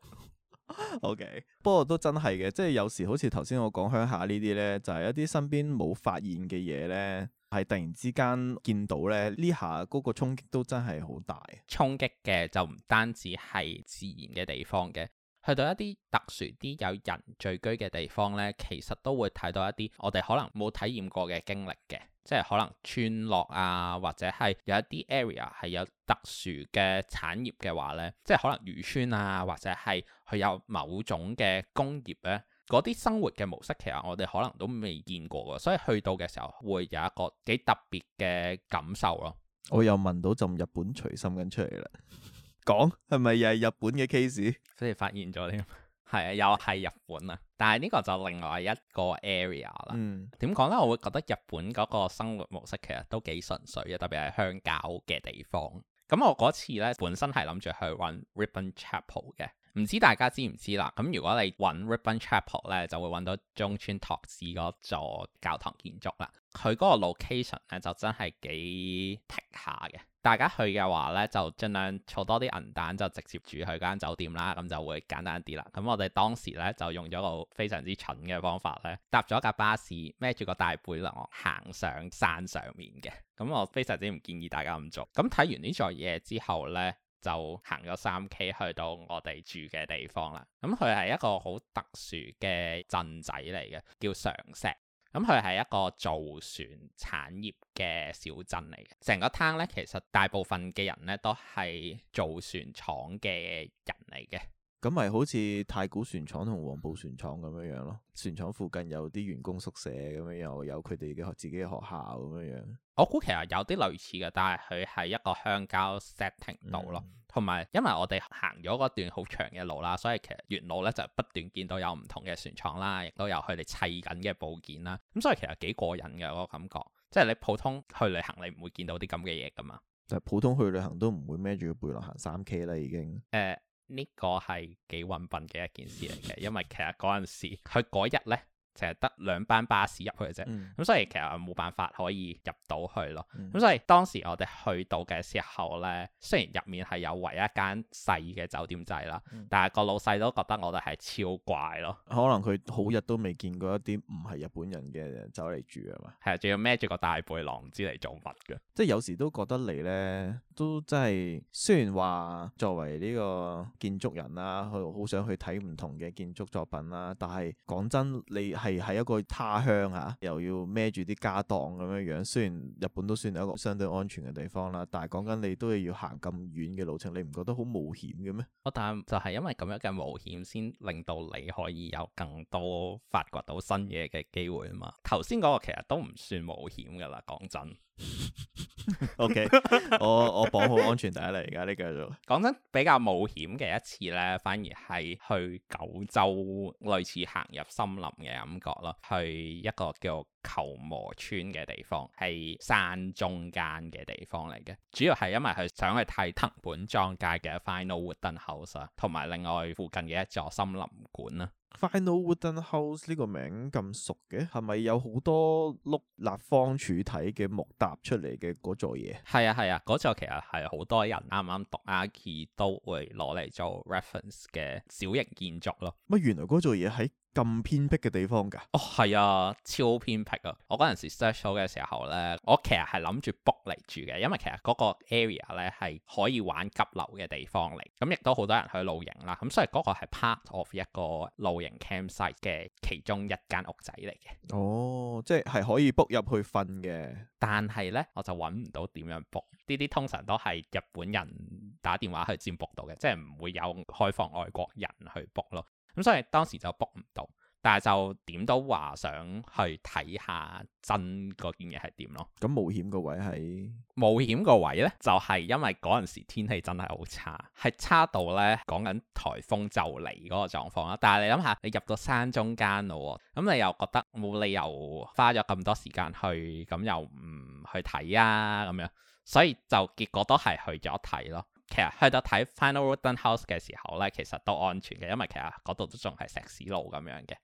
o、okay. K，不過都真係嘅，即係有時好似頭先我講鄉下呢啲呢，就係、係、一啲身邊冇發現嘅嘢呢，係突然之間見到呢，呢下嗰個衝擊都真係好大。衝擊嘅就唔單止係自然嘅地方嘅。去到一啲特殊啲有人聚居嘅地方呢，其實都會睇到一啲我哋可能冇體驗過嘅經歷嘅，即係可能村落啊，或者係有一啲 area 係有特殊嘅產業嘅話呢，即係可能漁村啊，或者係佢有某種嘅工業呢，嗰啲生活嘅模式其實我哋可能都未見過嘅，所以去到嘅時候會有一個幾特別嘅感受咯。我又聞到浸日本隨心緊出嚟啦～ 講，係咪又係日本嘅 case？先發現咗添，係 啊，又係日本啊！但係呢個就另外一個 area 啦。點講、嗯、呢？我會覺得日本嗰個生活模式其實都幾純粹嘅，特別係鄉郊嘅地方。咁我嗰次呢，本身係諗住去搵 Ribbon Chapel 嘅，唔知大家知唔知啦？咁如果你搵 Ribbon Chapel 呢，就會搵到中村拓志嗰座教堂建築啦。佢嗰個 location 呢，就真係幾 tick 下嘅。大家去嘅話呢，就盡量儲多啲銀彈，就直接住去間酒店啦，咁就會簡單啲啦。咁我哋當時呢，就用咗個非常之蠢嘅方法呢，搭咗架巴士孭住個大背囊行上山上面嘅。咁我非常之唔建議大家咁做。咁睇完呢座嘢之後呢，就行咗三 K 去到我哋住嘅地方啦。咁佢係一個好特殊嘅鎮仔嚟嘅，叫常石。咁佢係一個造船產業嘅小鎮嚟嘅，成個 town 咧，其實大部分嘅人咧都係造船廠嘅人嚟嘅。咁咪好似太古船廠同黃埔船廠咁樣樣咯，船廠附近有啲員工宿舍咁樣，又有佢哋嘅自己嘅學校咁樣樣。我估其實有啲類似嘅，但係佢係一個鄉郊 setting 度咯。同埋的，因為我哋行咗嗰段好長嘅路啦，所以其實沿路咧就不斷見到有唔同嘅船廠啦，亦都有佢哋砌緊嘅部件啦。咁所以其實幾過癮嘅嗰個感覺，即係你普通去旅行你唔會見到啲咁嘅嘢噶嘛。就普通去旅行都唔會孭住個背囊行三 K 啦，已經。誒、呃。呢個係幾運笨嘅一件事嚟嘅，因為其實嗰陣時，佢嗰日咧。淨係得兩班巴士入去嘅啫，咁、嗯嗯、所以其實冇辦法可以入到去咯。咁、嗯嗯、所以當時我哋去到嘅時候咧，雖然入面係有唯一間細嘅酒店仔啦，嗯、但係個老細都覺得我哋係超怪咯。可能佢好日都未見過一啲唔係日本人嘅人走嚟住啊嘛。係啊、嗯，仲要孭住個大背囊之嚟做乜嘅？即係有時都覺得你咧，都真係雖然話作為呢個建築人啦、啊，佢好，好想去睇唔同嘅建築作品啦、啊，但係講真你。係喺一個他鄉啊，又要孭住啲家當咁樣樣。雖然日本都算係一個相對安全嘅地方啦，但係講緊你都要行咁遠嘅路程，你唔覺得好冒險嘅咩？哦，但係就係因為咁樣嘅冒險，先令到你可以有更多發掘到新嘢嘅機會啊嘛。頭先嗰個其實都唔算冒險噶啦，講真。 o Okay , K， 我我綁好安全帶嚟㗎，呢叫做講真，比較冒險嘅一次咧，反而係去九州，類似行入森林嘅感覺咯，去一個叫。球磨村嘅地方係山中間嘅地方嚟嘅，主要係因為佢想去睇藤本壯介嘅 Final Wooden House，同、啊、埋另外附近嘅一座森林館啦。Final Wooden House 呢個名咁熟嘅，係咪有好多碌立方柱體嘅木搭出嚟嘅嗰座嘢？係啊係啊，嗰、啊、座其實係好多人啱啱讀阿 K、e、都會攞嚟做 reference 嘅小型建築咯。乜原來嗰座嘢喺咁偏僻嘅地方㗎？哦，係啊，超偏僻啊！我嗰陣時 search 嘅時候咧，我其實係諗住 book 嚟住嘅，因為其實嗰個 area 咧係可以玩急流嘅地方嚟，咁亦都好多人去露營啦，咁、嗯、所以嗰個係 part of 一個露營 campsite 嘅其中一間屋仔嚟嘅。哦，即係可以 book 入去瞓嘅，但係咧我就搵唔到點樣 book。呢啲通常都係日本人打電話去佔 book 到嘅，即係唔會有開放外國人去 book 咯。咁、嗯、所以當時就 book 唔到，但係就點都話想去睇下真嗰件嘢係點咯。咁冒險個位係冒險個位呢，就係、係、因為嗰陣時天氣真係好差，係差到呢講緊颱風就嚟嗰個狀況啦。但係你諗下，你入到山中間咯、哦，咁你又覺得冇理由花咗咁多時間去，咁又唔去睇啊咁樣，所以就結果都係去咗睇咯。其實去到睇 Final Wooden House 嘅時候呢，其實都安全嘅，因為其實嗰度都仲係石屎路咁樣嘅。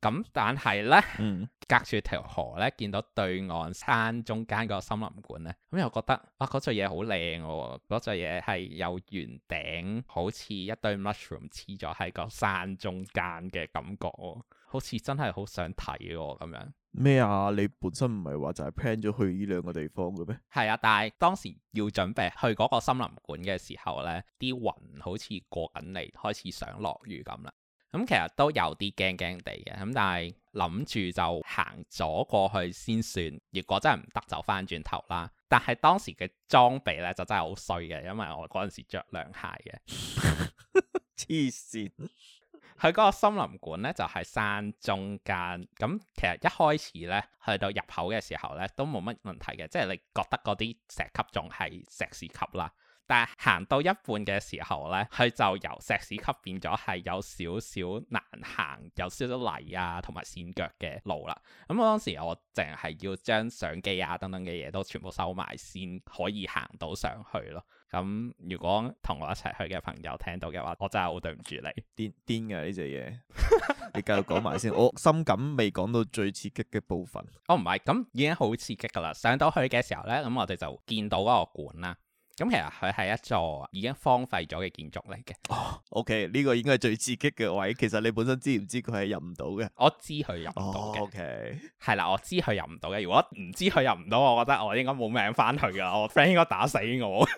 咁但係呢，嗯、隔住條河呢，見到對岸山中間個森林館呢，咁又覺得，哇，嗰座嘢好靚嘅喎，嗰座嘢係有圓頂，好似一堆 mushroom 黐咗喺個山中間嘅感覺、哦。好似真係好想睇喎，咁樣咩啊？你本身唔係話就係 plan 咗去呢兩個地方嘅咩？係啊，但係當時要準備去嗰個森林館嘅時候呢，啲雲好似過緊嚟，開始想落雨咁啦。咁、嗯、其實都有啲驚驚地嘅，咁但係諗住就行咗過去先算。如果真係唔得，就翻轉頭啦。但係當時嘅裝備呢，就真係好衰嘅，因為我嗰陣時着涼鞋嘅，黐線。 佢嗰個森林館咧就係山中間咁，其實一開始咧去到入口嘅時候咧，都冇乜問題嘅，即係你覺得嗰啲石級仲係石屎級啦。但係行到一半嘅時候咧，佢就由石屎級變咗係有少少難行，有少少泥啊同埋跣腳嘅路啦。咁、嗯、當時我淨係要將相機啊等等嘅嘢都全部收埋先可以行到上去咯。咁、嗯、如果同我一齊去嘅朋友聽到嘅話，我真係好對唔住你，癲癲嘅呢隻嘢。啊、隻 你繼續講埋先， 我深感未講到最刺激嘅部分。我唔係，咁已經好刺激噶啦。上到去嘅時候咧，咁我哋就見到嗰個館啦。咁其實佢係一座已經荒廢咗嘅建築嚟嘅。哦，OK，呢個應該係最刺激嘅位。其實你本身知唔知佢係入唔到嘅？我知佢入唔到嘅。OK，係啦，我知佢入唔到嘅。如果唔知佢入唔到，我覺得我應該冇命翻去噶。我 friend 應該打死我。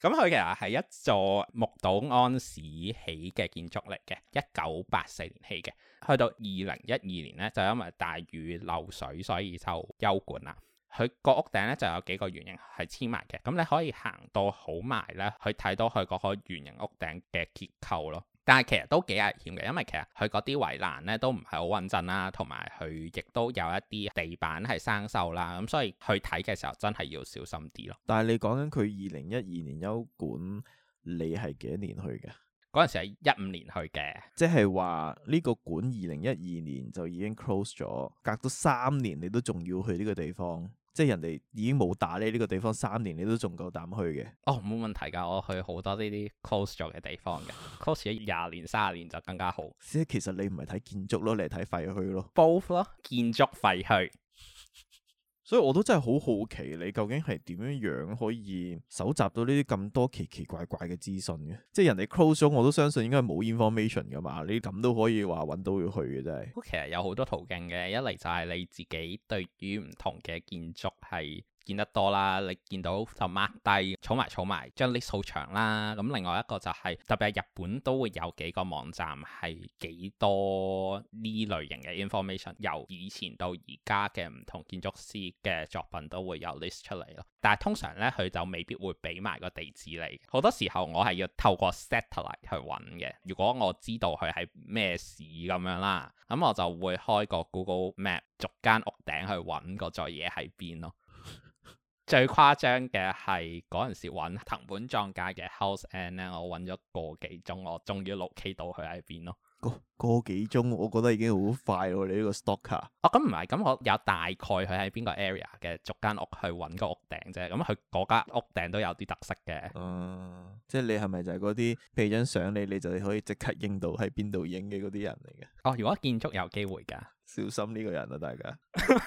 咁 佢 其實係一座木島安史起嘅建築嚟嘅，一九八四年起嘅。去到二零一二年咧，就因為大雨漏水，所以就休管啦。佢個屋頂咧就有幾個圓形係黐埋嘅，咁你可以行到好埋咧，去睇到佢嗰個圓形屋頂嘅結構咯。但係其實都幾危險嘅，因為其實佢嗰啲圍欄咧都唔係好穩陣啦，同埋佢亦都有一啲地板係生鏽啦，咁所以去睇嘅時候真係要小心啲咯。但係你講緊佢二零一二年休館，你係幾多年去嘅？嗰陣時係一五年去嘅，即係話呢個館二零一二年就已經 close 咗，隔咗三年你都仲要去呢個地方。即係人哋已經冇打理呢個地方三年，你都仲夠膽去嘅？哦，冇問題噶，我去好多呢啲 close 咗嘅地方嘅，close 咗廿年、三十年就更加好。即係其實你唔係睇建築咯，你係睇廢墟咯，both 咯了，建築廢墟。所以我都真係好好奇，你究竟係點樣樣可以搜集到呢啲咁多奇奇怪怪嘅資訊嘅？即係人哋 close 咗，我都相信應該係冇 information 㗎嘛？你咁都可以話揾到佢去嘅，真係。其實有好多途徑嘅，一嚟就係你自己對於唔同嘅建築係。見得多啦，你見到就 mark 低儲埋儲埋，將 list 好長啦。咁另外一個就係，特別係日本都會有幾個網站係幾多呢類型嘅 information，由以前到而家嘅唔同建築師嘅作品都會有 list 出嚟咯。但係通常咧佢就未必會俾埋個地址你，好多時候我係要透過 satellite 去揾嘅。如果我知道佢係咩市咁樣啦，咁我就會開個 Google Map 逐間屋頂去揾個座嘢喺邊咯。最誇張嘅係嗰陣時揾藤本壯介嘅 house and 咧，我揾咗個，個幾鐘，我終於六 k 睇到佢喺邊咯。個個幾鐘，我覺得已經好快喎！你呢個 stock、er、s t o c k e r 啊？咁唔係，咁我有大概佢喺邊個 area 嘅逐間屋去揾個屋頂啫。咁佢嗰間屋頂都有啲特色嘅。嗯、呃，即係你係咪就係嗰啲俾張相你，你就可以即刻認到喺邊度影嘅嗰啲人嚟嘅？哦，如果建築有機會㗎。小心呢個人啊！大家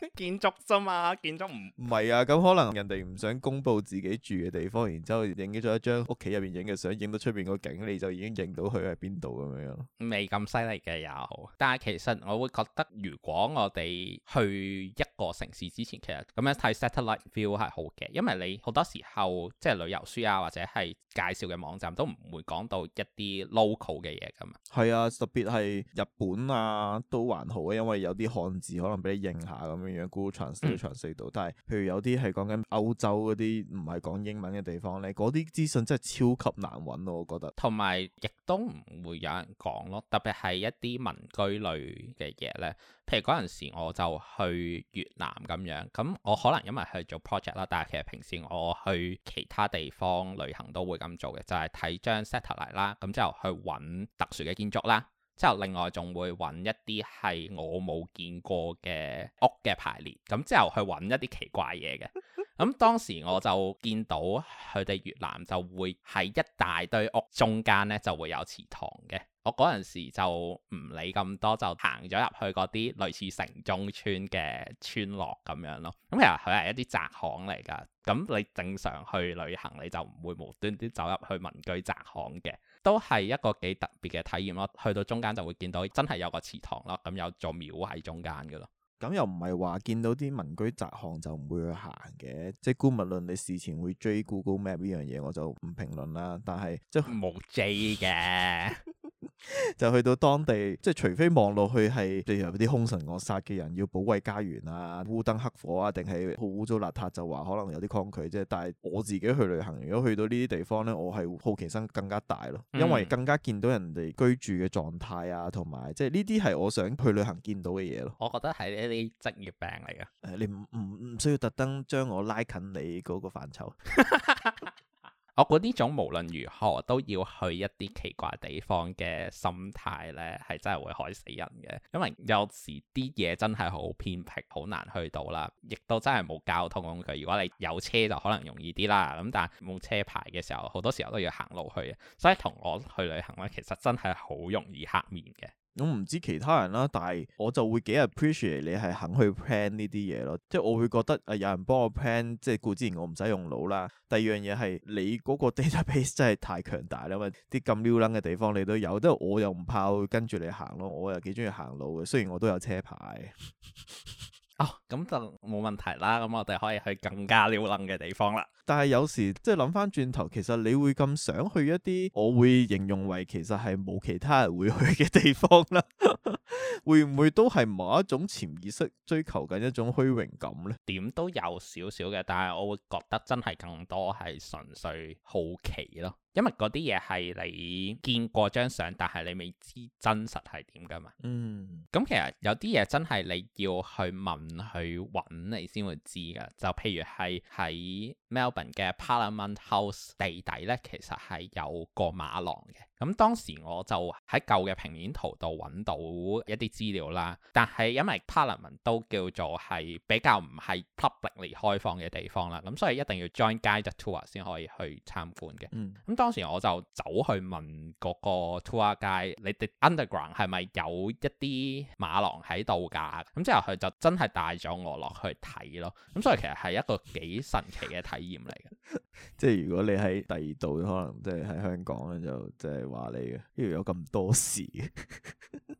建築啫嘛，建築唔唔係啊，咁可能人哋唔想公布自己住嘅地方，然之後影咗一張屋企入邊影嘅相，影到出邊個景，你就已經影到佢喺邊度咁樣咯。未咁犀利嘅也好，但係其實我會覺得，如果我哋去一個城市之前，其實咁樣睇 satellite view 係好嘅，因為你好多時候即係旅遊書啊，或者係介紹嘅網站都唔會講到一啲 local 嘅嘢噶嘛。係啊，特別係日本啊，都還好。因為有啲漢字可能俾你認下咁樣樣，Google Translate 都詳細到。嗯、但係，譬如有啲係講緊歐洲嗰啲唔係講英文嘅地方咧，嗰啲資訊真係超級難揾咯，我覺得。同埋亦都唔會有人講咯，特別係一啲民居類嘅嘢咧。譬如嗰陣時，我就去越南咁樣，咁我可能因為去做 project 啦，但係其實平時我去其他地方旅行都會咁做嘅，就係、是、睇張 satellite 啦，咁之後去揾特殊嘅建築啦。之後，另外仲會揾一啲係我冇見過嘅屋嘅排列，咁之後去揾一啲奇怪嘢嘅。咁當時我就見到佢哋越南就會喺一大堆屋中間呢就會有祠堂嘅。我嗰陣時就唔理咁多，就行咗入去嗰啲類似城中村嘅村落咁樣咯。咁其實佢係一啲窄巷嚟㗎。咁你正常去旅行你就唔會無端端走入去民居窄巷嘅。都係一個幾特別嘅體驗咯，去到中間就會見到真係有個祠堂咯，咁有座廟喺中間噶咯。咁又唔係話見到啲民居窄巷就唔會去行嘅，即係姑勿論你事前會追 Google Map 呢樣嘢，我就唔評論啦。但係即係冇追嘅， 就去到當地，即係除非望落去係例如有啲兇神惡煞嘅人要保衞家園啊、烏燈黑火啊，定係好污糟邋遢，就話可能有啲抗拒啫。但係我自己去旅行，如果去到呢啲地方呢，我係好奇心更加大咯，嗯、因為更加見到人哋居住嘅狀態啊，同埋即係呢啲係我想去旅行見到嘅嘢咯。我覺得係。啲職業病嚟嘅，你唔唔唔需要特登將我拉近你嗰個範疇。 我覺得呢種無論如何都要去一啲奇怪地方嘅心態咧，係真係會害死人嘅。因為有時啲嘢真係好偏僻，好難去到啦，亦都真係冇交通工具。如果你有車就可能容易啲啦，咁但冇車牌嘅時候，好多時候都要行路去，所以同我去旅行咧，其實真係好容易黑面嘅。我唔、嗯、知其他人啦、啊，但係我就會幾 appreciate 你係肯去 plan 呢啲嘢咯，即係我會覺得啊、呃、有人幫我 plan，即係故之言我唔使用腦啦。第二樣嘢係你嗰個 database 真係太強大啦，因為啲咁溜撚嘅地方你都有，即係我又唔怕會跟住你行咯，我又幾中意行路嘅，雖然我都有車牌。 啊，咁、哦、就冇問題啦，咁我哋可以去更加了能嘅地方啦。但係有時即係諗翻轉頭，其實你會咁想去一啲，我會形容為其實係冇其他人會去嘅地方啦。 會唔會都係某一種潛意識追求緊一種虛榮感呢？點都有少少嘅，但係我會覺得真係更多係純粹好奇咯。因為嗰啲嘢係你見過張相，但係你未知真實係點噶嘛。嗯，咁其實有啲嘢真係你要去問去揾，你先會知噶。就譬如係喺 Melbourne 嘅 Parliament House 地底咧，其實係有個馬廊嘅。咁當時我就喺舊嘅平面圖度揾到一啲資料啦，但係因為 Parliament 都叫做係比較唔係 publicly 開放嘅地方啦，咁、嗯、所以一定要 join guided tour 先可以去參觀嘅。咁、嗯、當時我就走去問嗰個 tour guide，你哋 underground 係咪有一啲馬郎喺度㗎？咁、嗯、之後佢就真係帶咗我落去睇咯。咁、嗯、所以其實係一個幾神奇嘅體驗嚟嘅。 即係如果你喺第二度，可能即係喺香港咧，就即係。話你嘅，呢度有咁多事？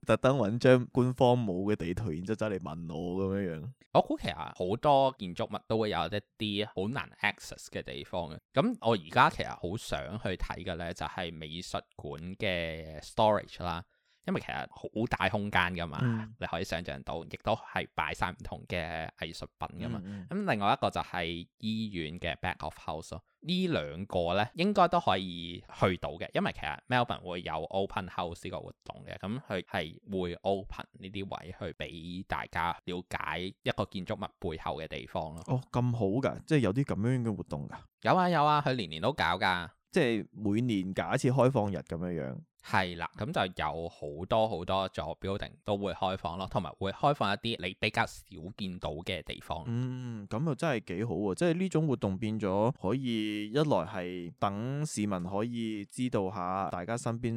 特登揾張官方冇嘅地圖，然之後走嚟問我咁樣樣。我估其實好多建築物都會有一啲好難 access 嘅地方嘅。咁我而家其實好想去睇嘅咧，就係美術館嘅 storage 啦。因為其實好大空間噶嘛，嗯、你可以想象到，亦都係擺晒唔同嘅藝術品噶嘛。咁、嗯嗯、另外一個就係醫院嘅 back of house 咯。呢兩個咧應該都可以去到嘅，因為其實 Melbourne 會有 open house 個活動嘅。咁佢係會 open 呢啲位去俾大家了解一個建築物背後嘅地方咯。哦，咁好噶，即係有啲咁樣嘅活動噶，啊。有啊有啊，佢年年都搞噶，即係每年搞一次開放日咁樣樣。係啦，咁就有好多好多座 building 都會開放咯，同埋會開放一啲你比較少見到嘅地方。嗯，咁啊真係幾好啊，即係呢種活動變咗可以一來係等市民可以知道下大家身邊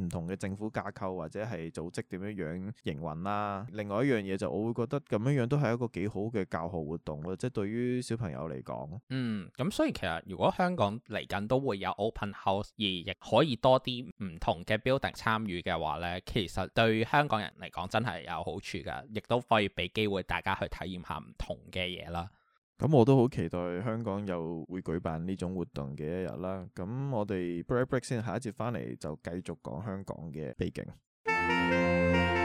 唔同嘅政府架構或者係組織點樣樣營運啦。另外一樣嘢就我會覺得咁樣樣都係一個幾好嘅教學活動或者係對於小朋友嚟講。嗯，咁所以其實如果香港嚟緊都會有 open house，而亦可以多啲唔同，嘅 building 參與嘅話咧，其實對香港人嚟講真係有好處㗎，亦都可以俾機會大家去體驗下唔同嘅嘢啦。咁我都好期待香港又會舉辦呢種活動嘅一日啦。咁我哋 break break 先，下一節翻嚟就繼續講香港嘅秘境。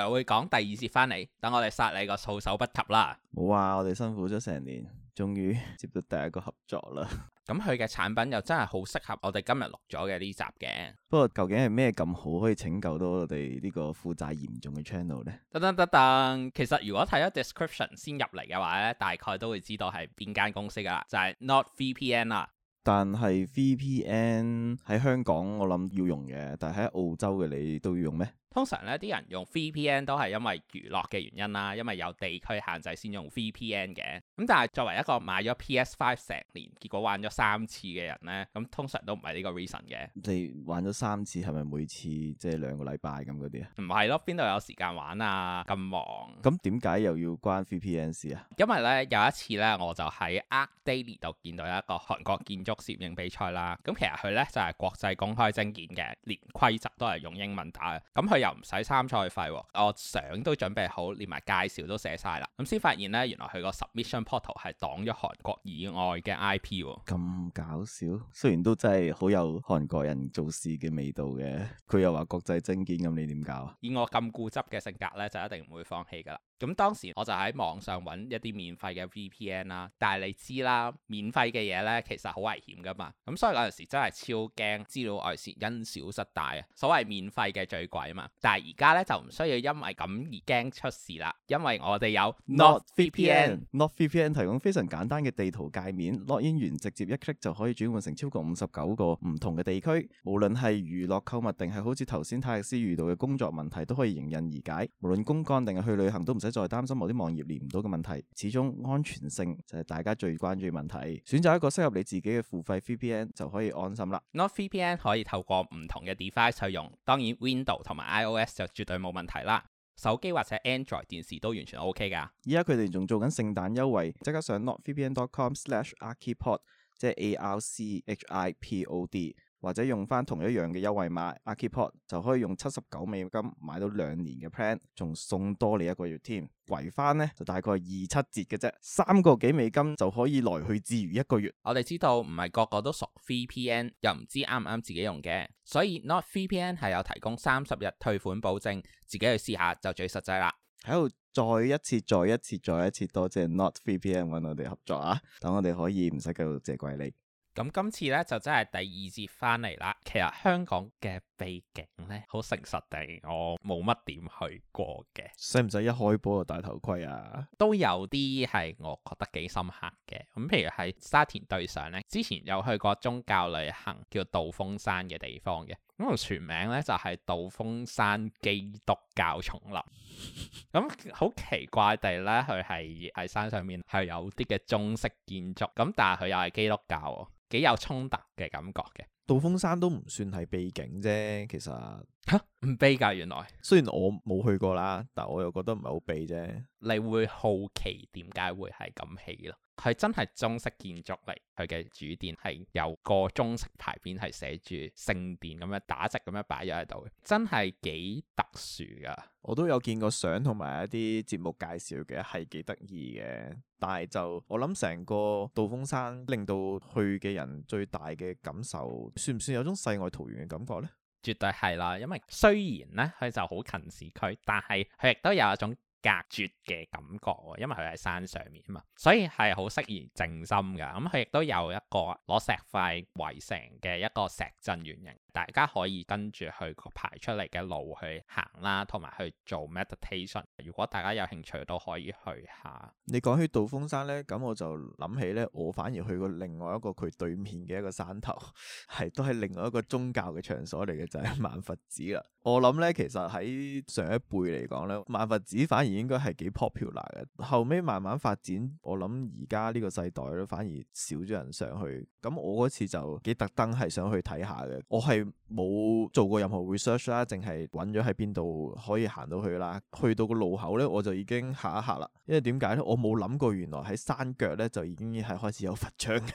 我哋會講第二節翻嚟，等我哋殺你個措手不及啦！冇啊，我哋辛苦咗成年，終於接到第一個合作啦。咁佢嘅產品又真係好適合我哋今日錄咗嘅呢集嘅。不過究竟係咩咁好，可以拯救到我哋呢個負債嚴重嘅 channel 咧？得得得得，其實如果睇咗 description 先入嚟嘅話咧，大概都會知道係邊間公司噶啦，就係、是、NordVPN 啦。但係 VPN 喺香港我諗要用嘅，但係喺澳洲嘅你都要用咩？通常咧，啲人用 VPN 都係因為娛樂嘅原因啦，因為有地區限制先用 VPN 嘅。咁但係作為一個買咗 PS Five 成年，結果玩咗三次嘅人咧，咁通常都唔係呢個 reason 嘅。你玩咗三次係咪每次即係兩個禮拜咁嗰啲啊？唔係咯，邊度有時間玩啊？咁忙。咁點解又要關 VPN 事啊？因為咧有一次咧，我就喺 ArchDaily 度見到一個韓國建築攝影比賽啦。咁、嗯、其實佢咧就係、是、國際公開徵件嘅，連規則都係用英文打。嘅、嗯，咁佢。又唔使參賽費啊，我相都準備好，連埋介紹都寫晒啦。咁先發現呢，原來佢個 submission portal 係擋咗韓國以外嘅 IP 啊。咁搞笑，雖然都真係好有韓國人做事嘅味道嘅。佢又話國際徵件，咁你點搞啊？以我咁固執嘅性格呢，就一定唔會放棄噶啦。咁當時我就喺網上揾一啲免費嘅 VPN 啦，但係你知啦，免費嘅嘢呢其實好危險噶嘛，咁所以嗰陣時真係超驚資料外泄，因小失大啊！所謂免費嘅最貴啊嘛，但係而家呢就唔需要因為咁而驚出事啦，因為我哋有 NordVPN, NordVPN，NordVPN 提供非常簡單嘅地圖界面，login 完直接一 click 就可以轉換成超過五十九個唔同嘅地區，無論係娛樂購物定係好似頭先泰勒斯遇到嘅工作問題，都可以迎刃而解。無論公幹定係去旅行都唔使，在擔心某啲網頁連唔到嘅問題，始終安全性就係大家最關注嘅問題。選擇一個適合你自己嘅付費 VPN 就可以安心啦。NordVPN 可以透過唔同嘅 device 去用，當然 Windows 同埋 iOS 就絕對冇問題啦。手機或者 Android 電視都完全 OK 噶。而家佢哋仲做緊聖誕優惠，即刻上 NordVPN dot com slash archipod，即係 A R C H I P O D。或者用翻同一樣嘅優惠碼，Archipod 就可以用七十九美金買到兩年嘅 plan，仲送多你一個月添。攰翻呢就大概係二七折嘅啫，三個幾美金就可以來去自如一個月。我哋知道唔係個個都熟 VPN，又唔知啱唔啱自己用嘅，所以 NordVPN 係有提供三十日退款保證，自己去試下就最實際啦。喺度再一次再一次再一次，多謝 NordVPN 揾我哋合作啊！等我哋可以唔使繼續謝貴你。咁今次咧就真係第二節翻嚟啦，其實香港嘅。背景咧，好誠實地，我冇乜點去過嘅。使唔使一開波就戴頭盔啊？都有啲係我覺得幾深刻嘅。咁譬如喺沙田對上咧，之前有去過宗教旅行叫道風山嘅地方嘅。咁個全名咧就係道風山基督教叢林。咁好 奇怪地呢，但係咧佢係喺山上面係有啲嘅中式建築，咁但係佢又係基督教，幾有衝突嘅感覺嘅。道風山都唔算係秘境啫，其實吓唔秘㗎原來。雖然我冇去過啦，但我又覺得唔係好秘啫。你會好奇點解會係咁起咯？係真係中式建築嚟，佢嘅主殿係有個中式牌匾，係寫住聖殿咁樣打直咁樣擺咗喺度，真係幾特殊噶。我都有見過相同埋一啲節目介紹嘅，係幾得意嘅。但係就我諗成個道風山令到去嘅人最大嘅感受，算唔算有種世外桃源嘅感覺呢？絕對係啦，因為雖然咧佢就好近市區，但係佢亦都有一種。隔絕嘅感覺喎，因為佢喺山上面嘛，所以係好適宜靜心嘅。咁佢亦都有一個攞石塊圍成嘅一個石陣圓形。大家可以跟住佢排出嚟嘅路去行啦，同埋去做 meditation。如果大家有興趣都可以去下。你講起道風山咧，咁我就諗起咧，我反而去過另外一個佢對面嘅一個山頭，係都係另外一個宗教嘅場所嚟嘅，就係、是、萬佛寺啦。我諗咧，其實喺上一輩嚟講咧，萬佛寺反而應該係幾 popular 嘅。後尾慢慢發展，我諗而家呢個世代咧，反而少咗人上去。咁我嗰次就幾特登係想去睇下嘅，我係。冇做過任何 research 啦，淨係揾咗喺邊度可以行到去啦。去到個路口咧，我就已經嚇一嚇啦。因為點解咧？我冇諗過，原來喺山腳咧就已經係開始有佛像嘅，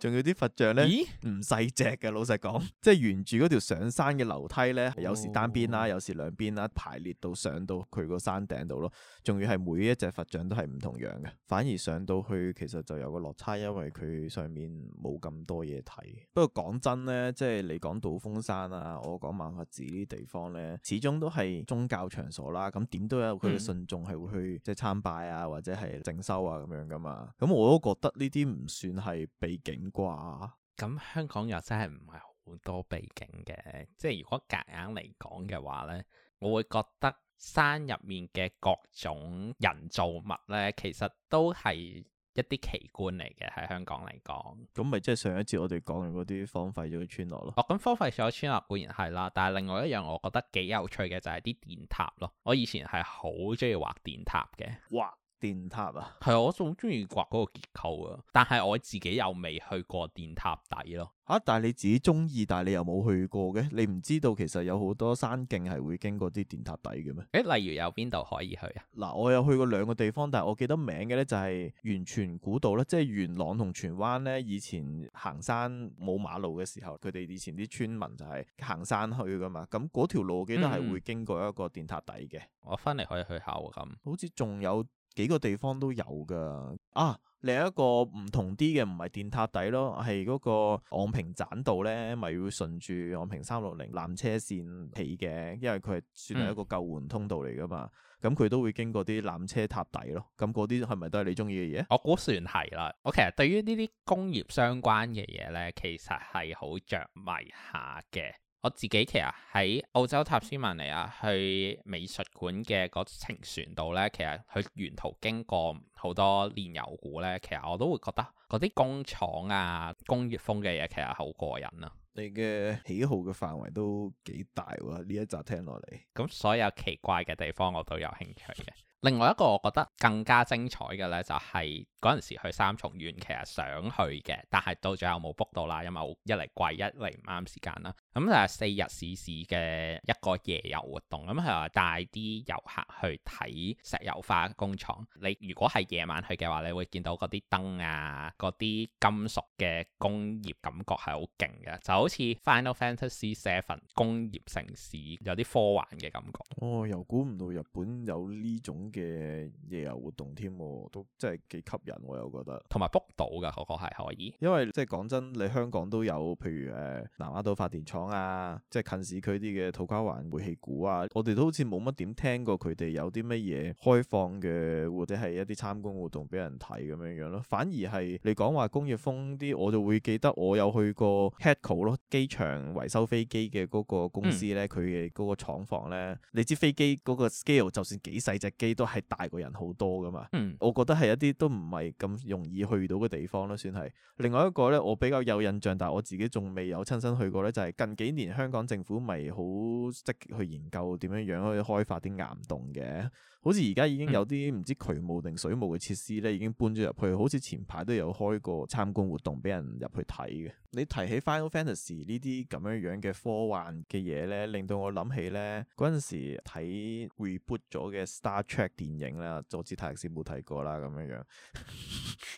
仲有啲佛像咧，咦，唔細隻嘅。老實講， 即係沿住嗰條上山嘅樓梯咧、oh.，有時單邊啦，有時兩邊啦，排列到上到佢個山頂度咯。仲要係每一隻佛像都係唔同樣嘅，反而上到去其實就有個落差，因為佢上面冇咁多嘢睇。不過講真咧，即係你講杜峰山啊，我講萬佛寺呢啲地方咧，始終都係宗教場所啦。咁點都有佢嘅信眾係會去、嗯。即係參拜啊，或者係整修啊咁樣㗎嘛，咁我都覺得呢啲唔算係秘境啩。咁香港又真係唔係好多秘境嘅，即係如果夾硬嚟講嘅話呢，我會覺得山入面嘅各種人造物呢，其實都係。一啲奇觀嚟嘅，喺香港嚟講，咁咪即係上一節我哋講嘅嗰啲荒廢咗嘅村落咯。哦，咁荒廢咗嘅村落固然係啦，但係另外一樣我覺得幾有趣嘅就係啲電塔咯。我以前係好中意畫電塔嘅。哇。電塔啊，係啊，我仲中意刮嗰個結構啊，但係我自己又未去過電塔底咯。吓、啊，但係你自己中意，但係你又冇去過嘅，你唔知道其實有好多山徑係會經過啲電塔底嘅咩？誒，例如有邊度可以去啊？嗱，我有去過兩個地方，但係我記得名嘅咧就係、是、元荃古道啦，即係元朗同荃灣咧，以前行山冇馬路嘅時候，佢哋以前啲村民就係行山去噶嘛，咁嗰條路我記得係會經過一個電塔底嘅，嗯。我翻嚟，可以去下啊，咁。好似仲有。幾個地方都有噶啊！另一個唔同啲嘅，唔係電塔底咯，係嗰個昂平棧道咧，咪會順住昂平三六零纜車線起嘅，因為佢係算係一個救援通道嚟噶嘛。咁佢、嗯、都會經過啲纜車塔底咯。咁嗰啲係咪都係你中意嘅嘢？我估算係啦。我其實對於呢啲工業相關嘅嘢咧，其實係好着迷下嘅。我自己其實喺澳洲塔斯曼尼亞去美術館嘅嗰程船度呢，其實佢沿途經過好多煉油庫呢，其實我都會覺得嗰啲工廠啊、工業風嘅嘢其實好過癮啊！你嘅喜好嘅範圍都幾大喎，啊，呢一集聽落嚟，咁所有奇怪嘅地方我都有興趣嘅。另外一個我覺得更加精彩嘅呢，就係嗰陣時去三重縣，其實想去嘅，但係到最後冇 book 到啦，因為一嚟貴，一嚟唔啱時間啦。咁就係四日市市嘅一個夜遊活動，咁佢話帶啲遊客去睇石油化工廠。你如果係夜晚去嘅話，你會見到嗰啲燈啊，嗰啲金屬嘅工業感覺係好勁嘅，就好似 Final Fantasy Seven 工業城市有啲科幻嘅感覺。哦，又估唔到日本有呢種～嘅夜遊活動添，都真係幾吸引我，又覺得。同埋 book 到嘅，我覺係可以。因為即係講真，你香港都有，譬如誒、呃、南丫島發電廠啊，即係近市區啲嘅土瓜灣煤氣鼓啊，我哋都好似冇乜點聽過佢哋有啲乜嘢開放嘅，或者係一啲參觀活動俾人睇咁樣樣咯。反而係你講話工業風啲，我就會記得我有去過 HAECO 咯，機場維修飛機嘅嗰個公司咧，佢嘅嗰個廠房咧，你知飛機嗰個 scale 就算幾細隻機都係大個人好多噶嘛，嗯，我覺得係一啲都唔係咁容易去到嘅地方咯，算係。另外一個咧，我比較有印象，但係我自己仲未有親身去過咧，就係、是、近幾年香港政府咪好積極去研究點樣樣去開發啲岩洞嘅。好似而家已經有啲唔知渠務定水務嘅設施咧，已經搬咗入去。好似前排都有開過參觀活動俾人入去睇嘅。你提起 Final Fantasy 呢啲咁樣樣嘅科幻嘅嘢咧，令到我諗起咧嗰陣時睇 reboot 咗嘅 Star Trek 電影啦，佐治泰士冇睇過啦咁樣樣。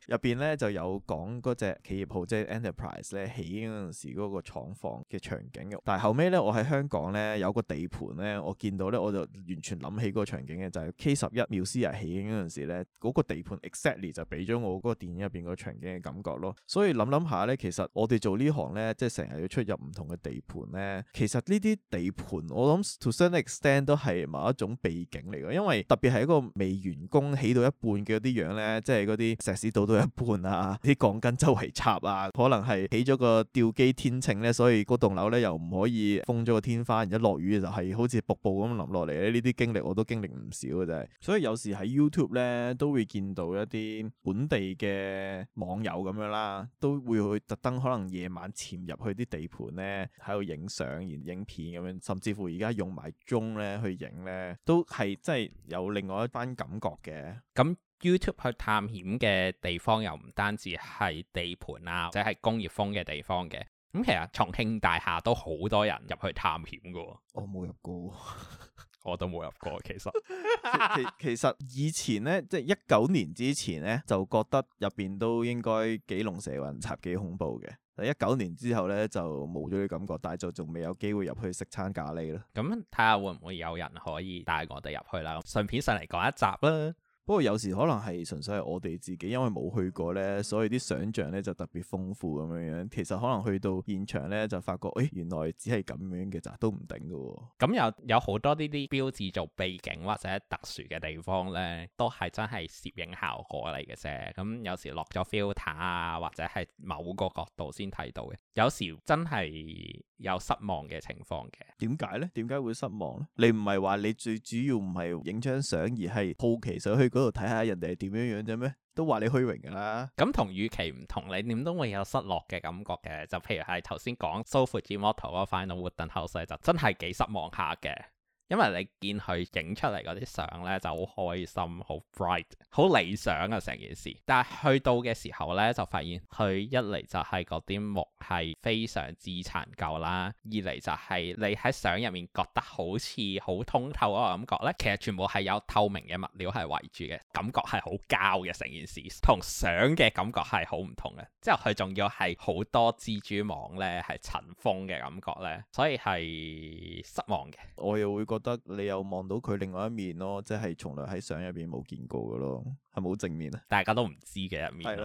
入邊咧就有講嗰隻企業號即係 Enterprise 咧起嗰陣時嗰個廠房嘅場景嘅。但係後尾咧，我喺香港咧有個地盤咧，我見到咧我就完全諗起嗰個場景嘅就係、是。K 十一 Musea 起影嗰陣時咧，嗰個地盤 exactly 就俾咗我嗰個電影入邊個場景嘅感覺咯。所以諗諗下咧，其實我哋做呢行咧，即係成日要出入唔同嘅地盤咧，其實呢啲地盤我諗 to some extent 都係某一種秘境嚟嘅。因為特別係一個未完工起到一半嘅啲樣咧，即係嗰啲石屎倒到一半啊，啲鋼筋周圍插啊，可能係起咗個吊機天秤咧，所以嗰棟樓咧又唔可以封咗個天花，然之後落雨就係好似瀑布咁淋落嚟咧。呢啲經歷我都經歷唔少。所以有時喺 YouTube 咧都會見到一啲本地嘅網友咁樣啦，都會去特登可能夜晚潛入去啲地盤咧，喺度影相、影片咁樣，甚至乎而家用埋鐘咧去影咧，都係真係有另外一番感覺嘅。咁 YouTube 去探險嘅地方又唔單止係地盤啊，或者係工業風嘅地方嘅。咁其實重慶大廈都好多人入去探險㗎喎。我冇入過。 我都冇入過，其實 其其，其實以前呢，即係一九年之前呢，就覺得入邊都應該幾龍蛇混雜、幾恐怖嘅。但一九年之後呢，就冇咗啲感覺，但係就仲未有機會入去食餐咖喱咯。咁睇下會唔會有人可以帶我哋入去啦？咁順便上嚟講一集啦。不過有時可能係純粹係我哋自己，因為冇去過呢，所以啲想像呢就特別豐富咁樣樣。其實可能去到現場呢，就發覺誒原來只係咁樣嘅咋，都唔定嘅喎。咁又有好多呢啲標誌做背景或者特殊嘅地方呢，都係真係攝影效果嚟嘅啫。咁有時落咗 filter 啊，或者係某個角度先睇到嘅。有時真係～有失望嘅情況嘅，點解咧？點解會失望咧？你唔係話你最主要唔係影張相，而係好奇想去嗰度睇下人哋係點樣樣啫咩？都話你虛榮噶啦、嗯。咁同、嗯、預期唔同，你點都會有失落嘅感覺嘅。就譬如係頭先講 Sou Fujimoto 嗰塊 Final Wooden House 就真係幾失望下嘅。因為你見佢影出嚟嗰啲相咧就好開心、好 bright、好理想啊成件事，但係去到嘅時候咧就發現佢一嚟就係嗰啲木係非常之殘舊啦，二嚟就係你喺相入面覺得好似好通透個感覺咧，其實全部係有透明嘅物料係圍住嘅，感覺係好膠嘅成件事，同相嘅感覺係好唔同嘅。之後佢仲要係好多蜘蛛網咧，係塵封嘅感覺咧，所以係失望嘅，我又會覺得你又望到佢另外一面咯，即係從來喺相入邊冇見過嘅咯，係咪好正面啊？大家都唔知嘅一面咯。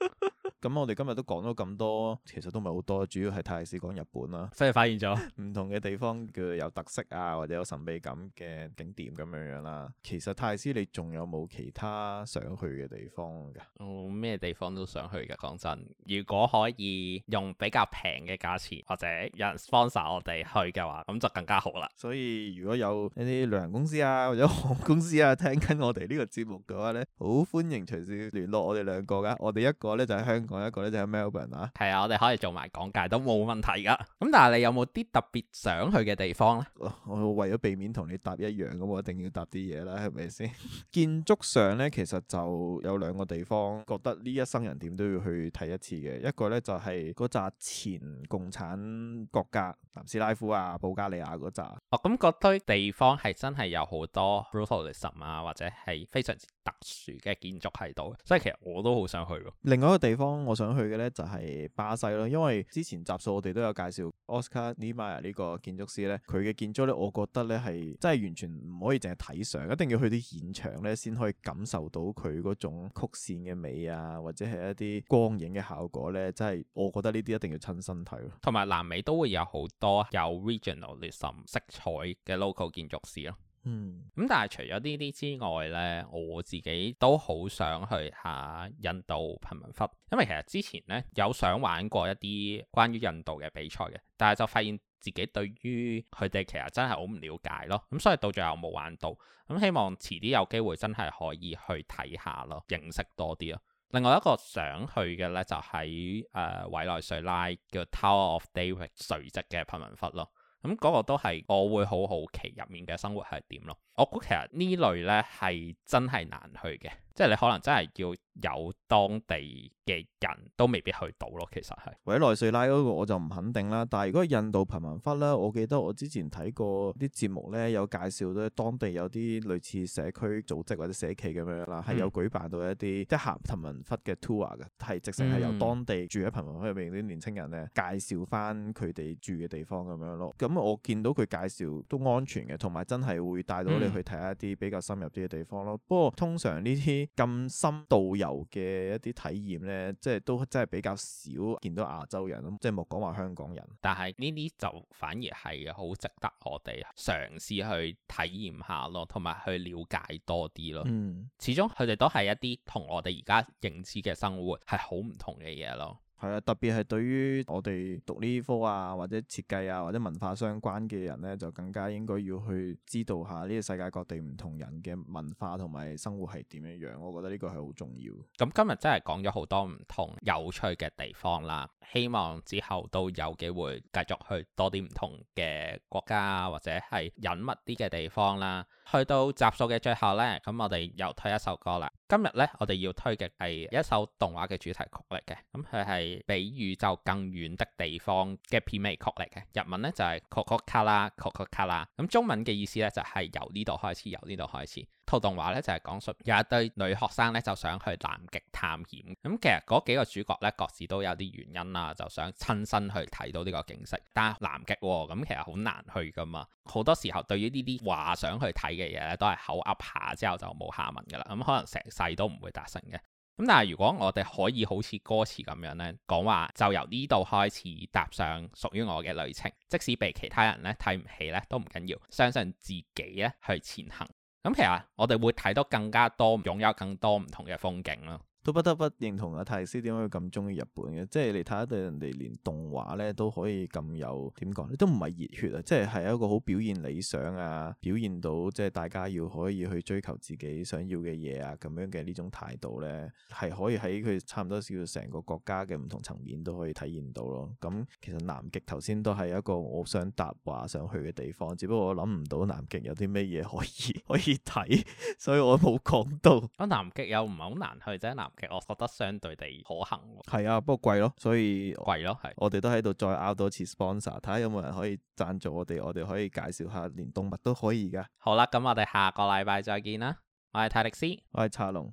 是的 咁我哋今日都講咗咁多，其實都唔係好多，主要係泰斯講日本啦。真係發現咗唔 同嘅地方，嘅有特色啊，或者有神秘感嘅景點咁樣樣啦。其實泰斯，你仲有冇其他想去嘅地方㗎？咩、嗯、地方都想去㗎，講真。如果可以用比較平嘅價錢，或者有人 sponsor 我哋去嘅話，咁就更加好啦。所以如果有啲旅行公司啊，或者航空公司啊，聽緊我哋呢個節目嘅話咧，好歡迎隨時聯絡我哋兩個㗎。我哋一個咧就喺、是、香港。我一個咧就係 Melbourne 啊，係啊，我哋可以做埋講解都冇問題㗎。咁 但係你有冇啲特別想去嘅地方咧、哦？我為咗避免同你答一樣，咁我一定要答啲嘢啦，係咪先？ 建築上咧，其實就有兩個地方覺得呢一生人點都要去睇一次嘅， 一個咧就係嗰扎前共產國家南斯拉夫啊、保加利亞嗰扎。哦，咁嗰堆地方係真係有好多 brutalism 啊，或者係非常，特殊嘅建築喺度，所以其實我都好想去。另外一個地方我想去嘅呢，就係巴西咯，因為之前集數我哋都有介紹 Oscar Niemeyer 呢個建築師呢，佢嘅建築呢，我覺得呢係真係完全唔可以淨係睇相，一定要去啲現場呢，先可以感受到佢嗰種曲線嘅美啊，或者係一啲光影嘅效果呢。真係我覺得呢啲一定要親身睇咯。同埋南美都會有好多有 Regionalism 色彩嘅 local 建築師咯。嗯，咁但係除咗呢啲之外咧，我自己都好想去下印度貧民窟，因為其實之前咧有想玩過一啲關於印度嘅比賽嘅，但係就發現自己對於佢哋其實真係好唔了解咯，咁、嗯、所以到最後冇玩到。咁、嗯、希望遲啲有機會真係可以去睇下咯，認識多啲咯。另外一個想去嘅咧就喺誒委內瑞拉叫 Tower of David 垂直嘅貧民窟咯。咁嗰個都係，我會好好奇入面嘅生活係點咯。我估其實類呢類咧係真係難去嘅，即係你可能真係要有當地嘅人都未必去到咯。其實係，或者內瑞拉嗰、那個我就唔肯定啦。但係如果印度貧民窟咧，我記得我之前睇過啲節目咧，有介紹到當地有啲類似社區組織或者社企咁樣啦，係有舉辦到一啲、嗯、即係行貧民窟嘅 tour 嘅，係直情係有當地住喺貧民窟入面啲年輕人咧介紹返佢哋住嘅地方咁樣咯。咁我見到佢介紹都安全嘅，同埋真係會帶到、嗯。你、嗯、去睇一啲比較深入啲嘅地方咯，不過通常呢啲咁深度遊嘅一啲體驗呢，即係都真係比較少見到亞洲人，即係冇講話香港人。但係呢啲就反而係好值得我哋嘗試去體驗下咯，同埋去了解多啲咯。嗯，始終佢哋都係一啲同我哋而家認知嘅生活係好唔同嘅嘢咯。係啊，特別係對於我哋讀呢科啊，或者設計啊，或者文化相關嘅人咧，就更加應該要去知道下呢個世界各地唔同人嘅文化同埋生活係點樣樣。我覺得呢個係好重要。咁今日真係講咗好多唔同有趣嘅地方啦，希望之後都有機會繼續去多啲唔同嘅國家或者係隱密啲嘅地方啦。去到集數嘅最後呢，咁我哋又推一首歌啦。今日呢，我哋要推嘅係一首動畫嘅主題曲嚟嘅。咁佢係比宇宙更遠的地方嘅片尾曲嚟嘅。日文呢就係、是、Kokokara、Kokokara，咁中文嘅意思呢，就係、是、由呢度開始，由呢度開始。套動畫咧就係、是、講述有一堆女學生咧就想去南極探險。咁、嗯、其實嗰幾個主角咧各自都有啲原因啦、啊，就想親身去睇到呢個景色。但係南極咁、啊嗯、其實好難去噶嘛，好多時候對於呢啲話想去睇嘅嘢，咧都係口噏下之後就冇下文噶啦。咁、嗯、可能成世都唔會達成嘅。咁、嗯、但係如果我哋可以好似歌詞咁樣咧，講話就由呢度開始踏上屬於我嘅旅程，即使被其他人咧睇唔起咧都唔緊要，相信自己咧去前行。咁其實，我哋會睇到更加多，擁有更多唔同嘅風景咯。都不得不認同阿泰斯點解會咁中意日本嘅，即係你睇下，對人哋連動畫咧都可以咁有點講，都唔係熱血啊，即係係一個好表現理想啊，表現到即係大家要可以去追求自己想要嘅嘢啊，咁樣嘅呢種態度咧，係可以喺佢差唔多叫做成個國家嘅唔同層面都可以體驗到咯。咁、嗯、其實南極頭先都係一個我想搭話想去嘅地方，只不過我諗唔到南極有啲咩嘢可以可以睇，所以我冇講到。我南極又唔係好難去啫，南。其實我覺得相對地可行，係啊，不過貴咯，所以貴咯，係。我哋都喺度再拗多次 sponsor，睇下有冇人可以贊助我哋，我哋可以介紹下，連動物都可以噶。好啦，咁我哋下個禮拜再見啦。我係泰力斯，我係茶龍，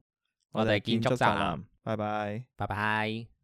我哋建築宅男，宅男拜拜，拜拜。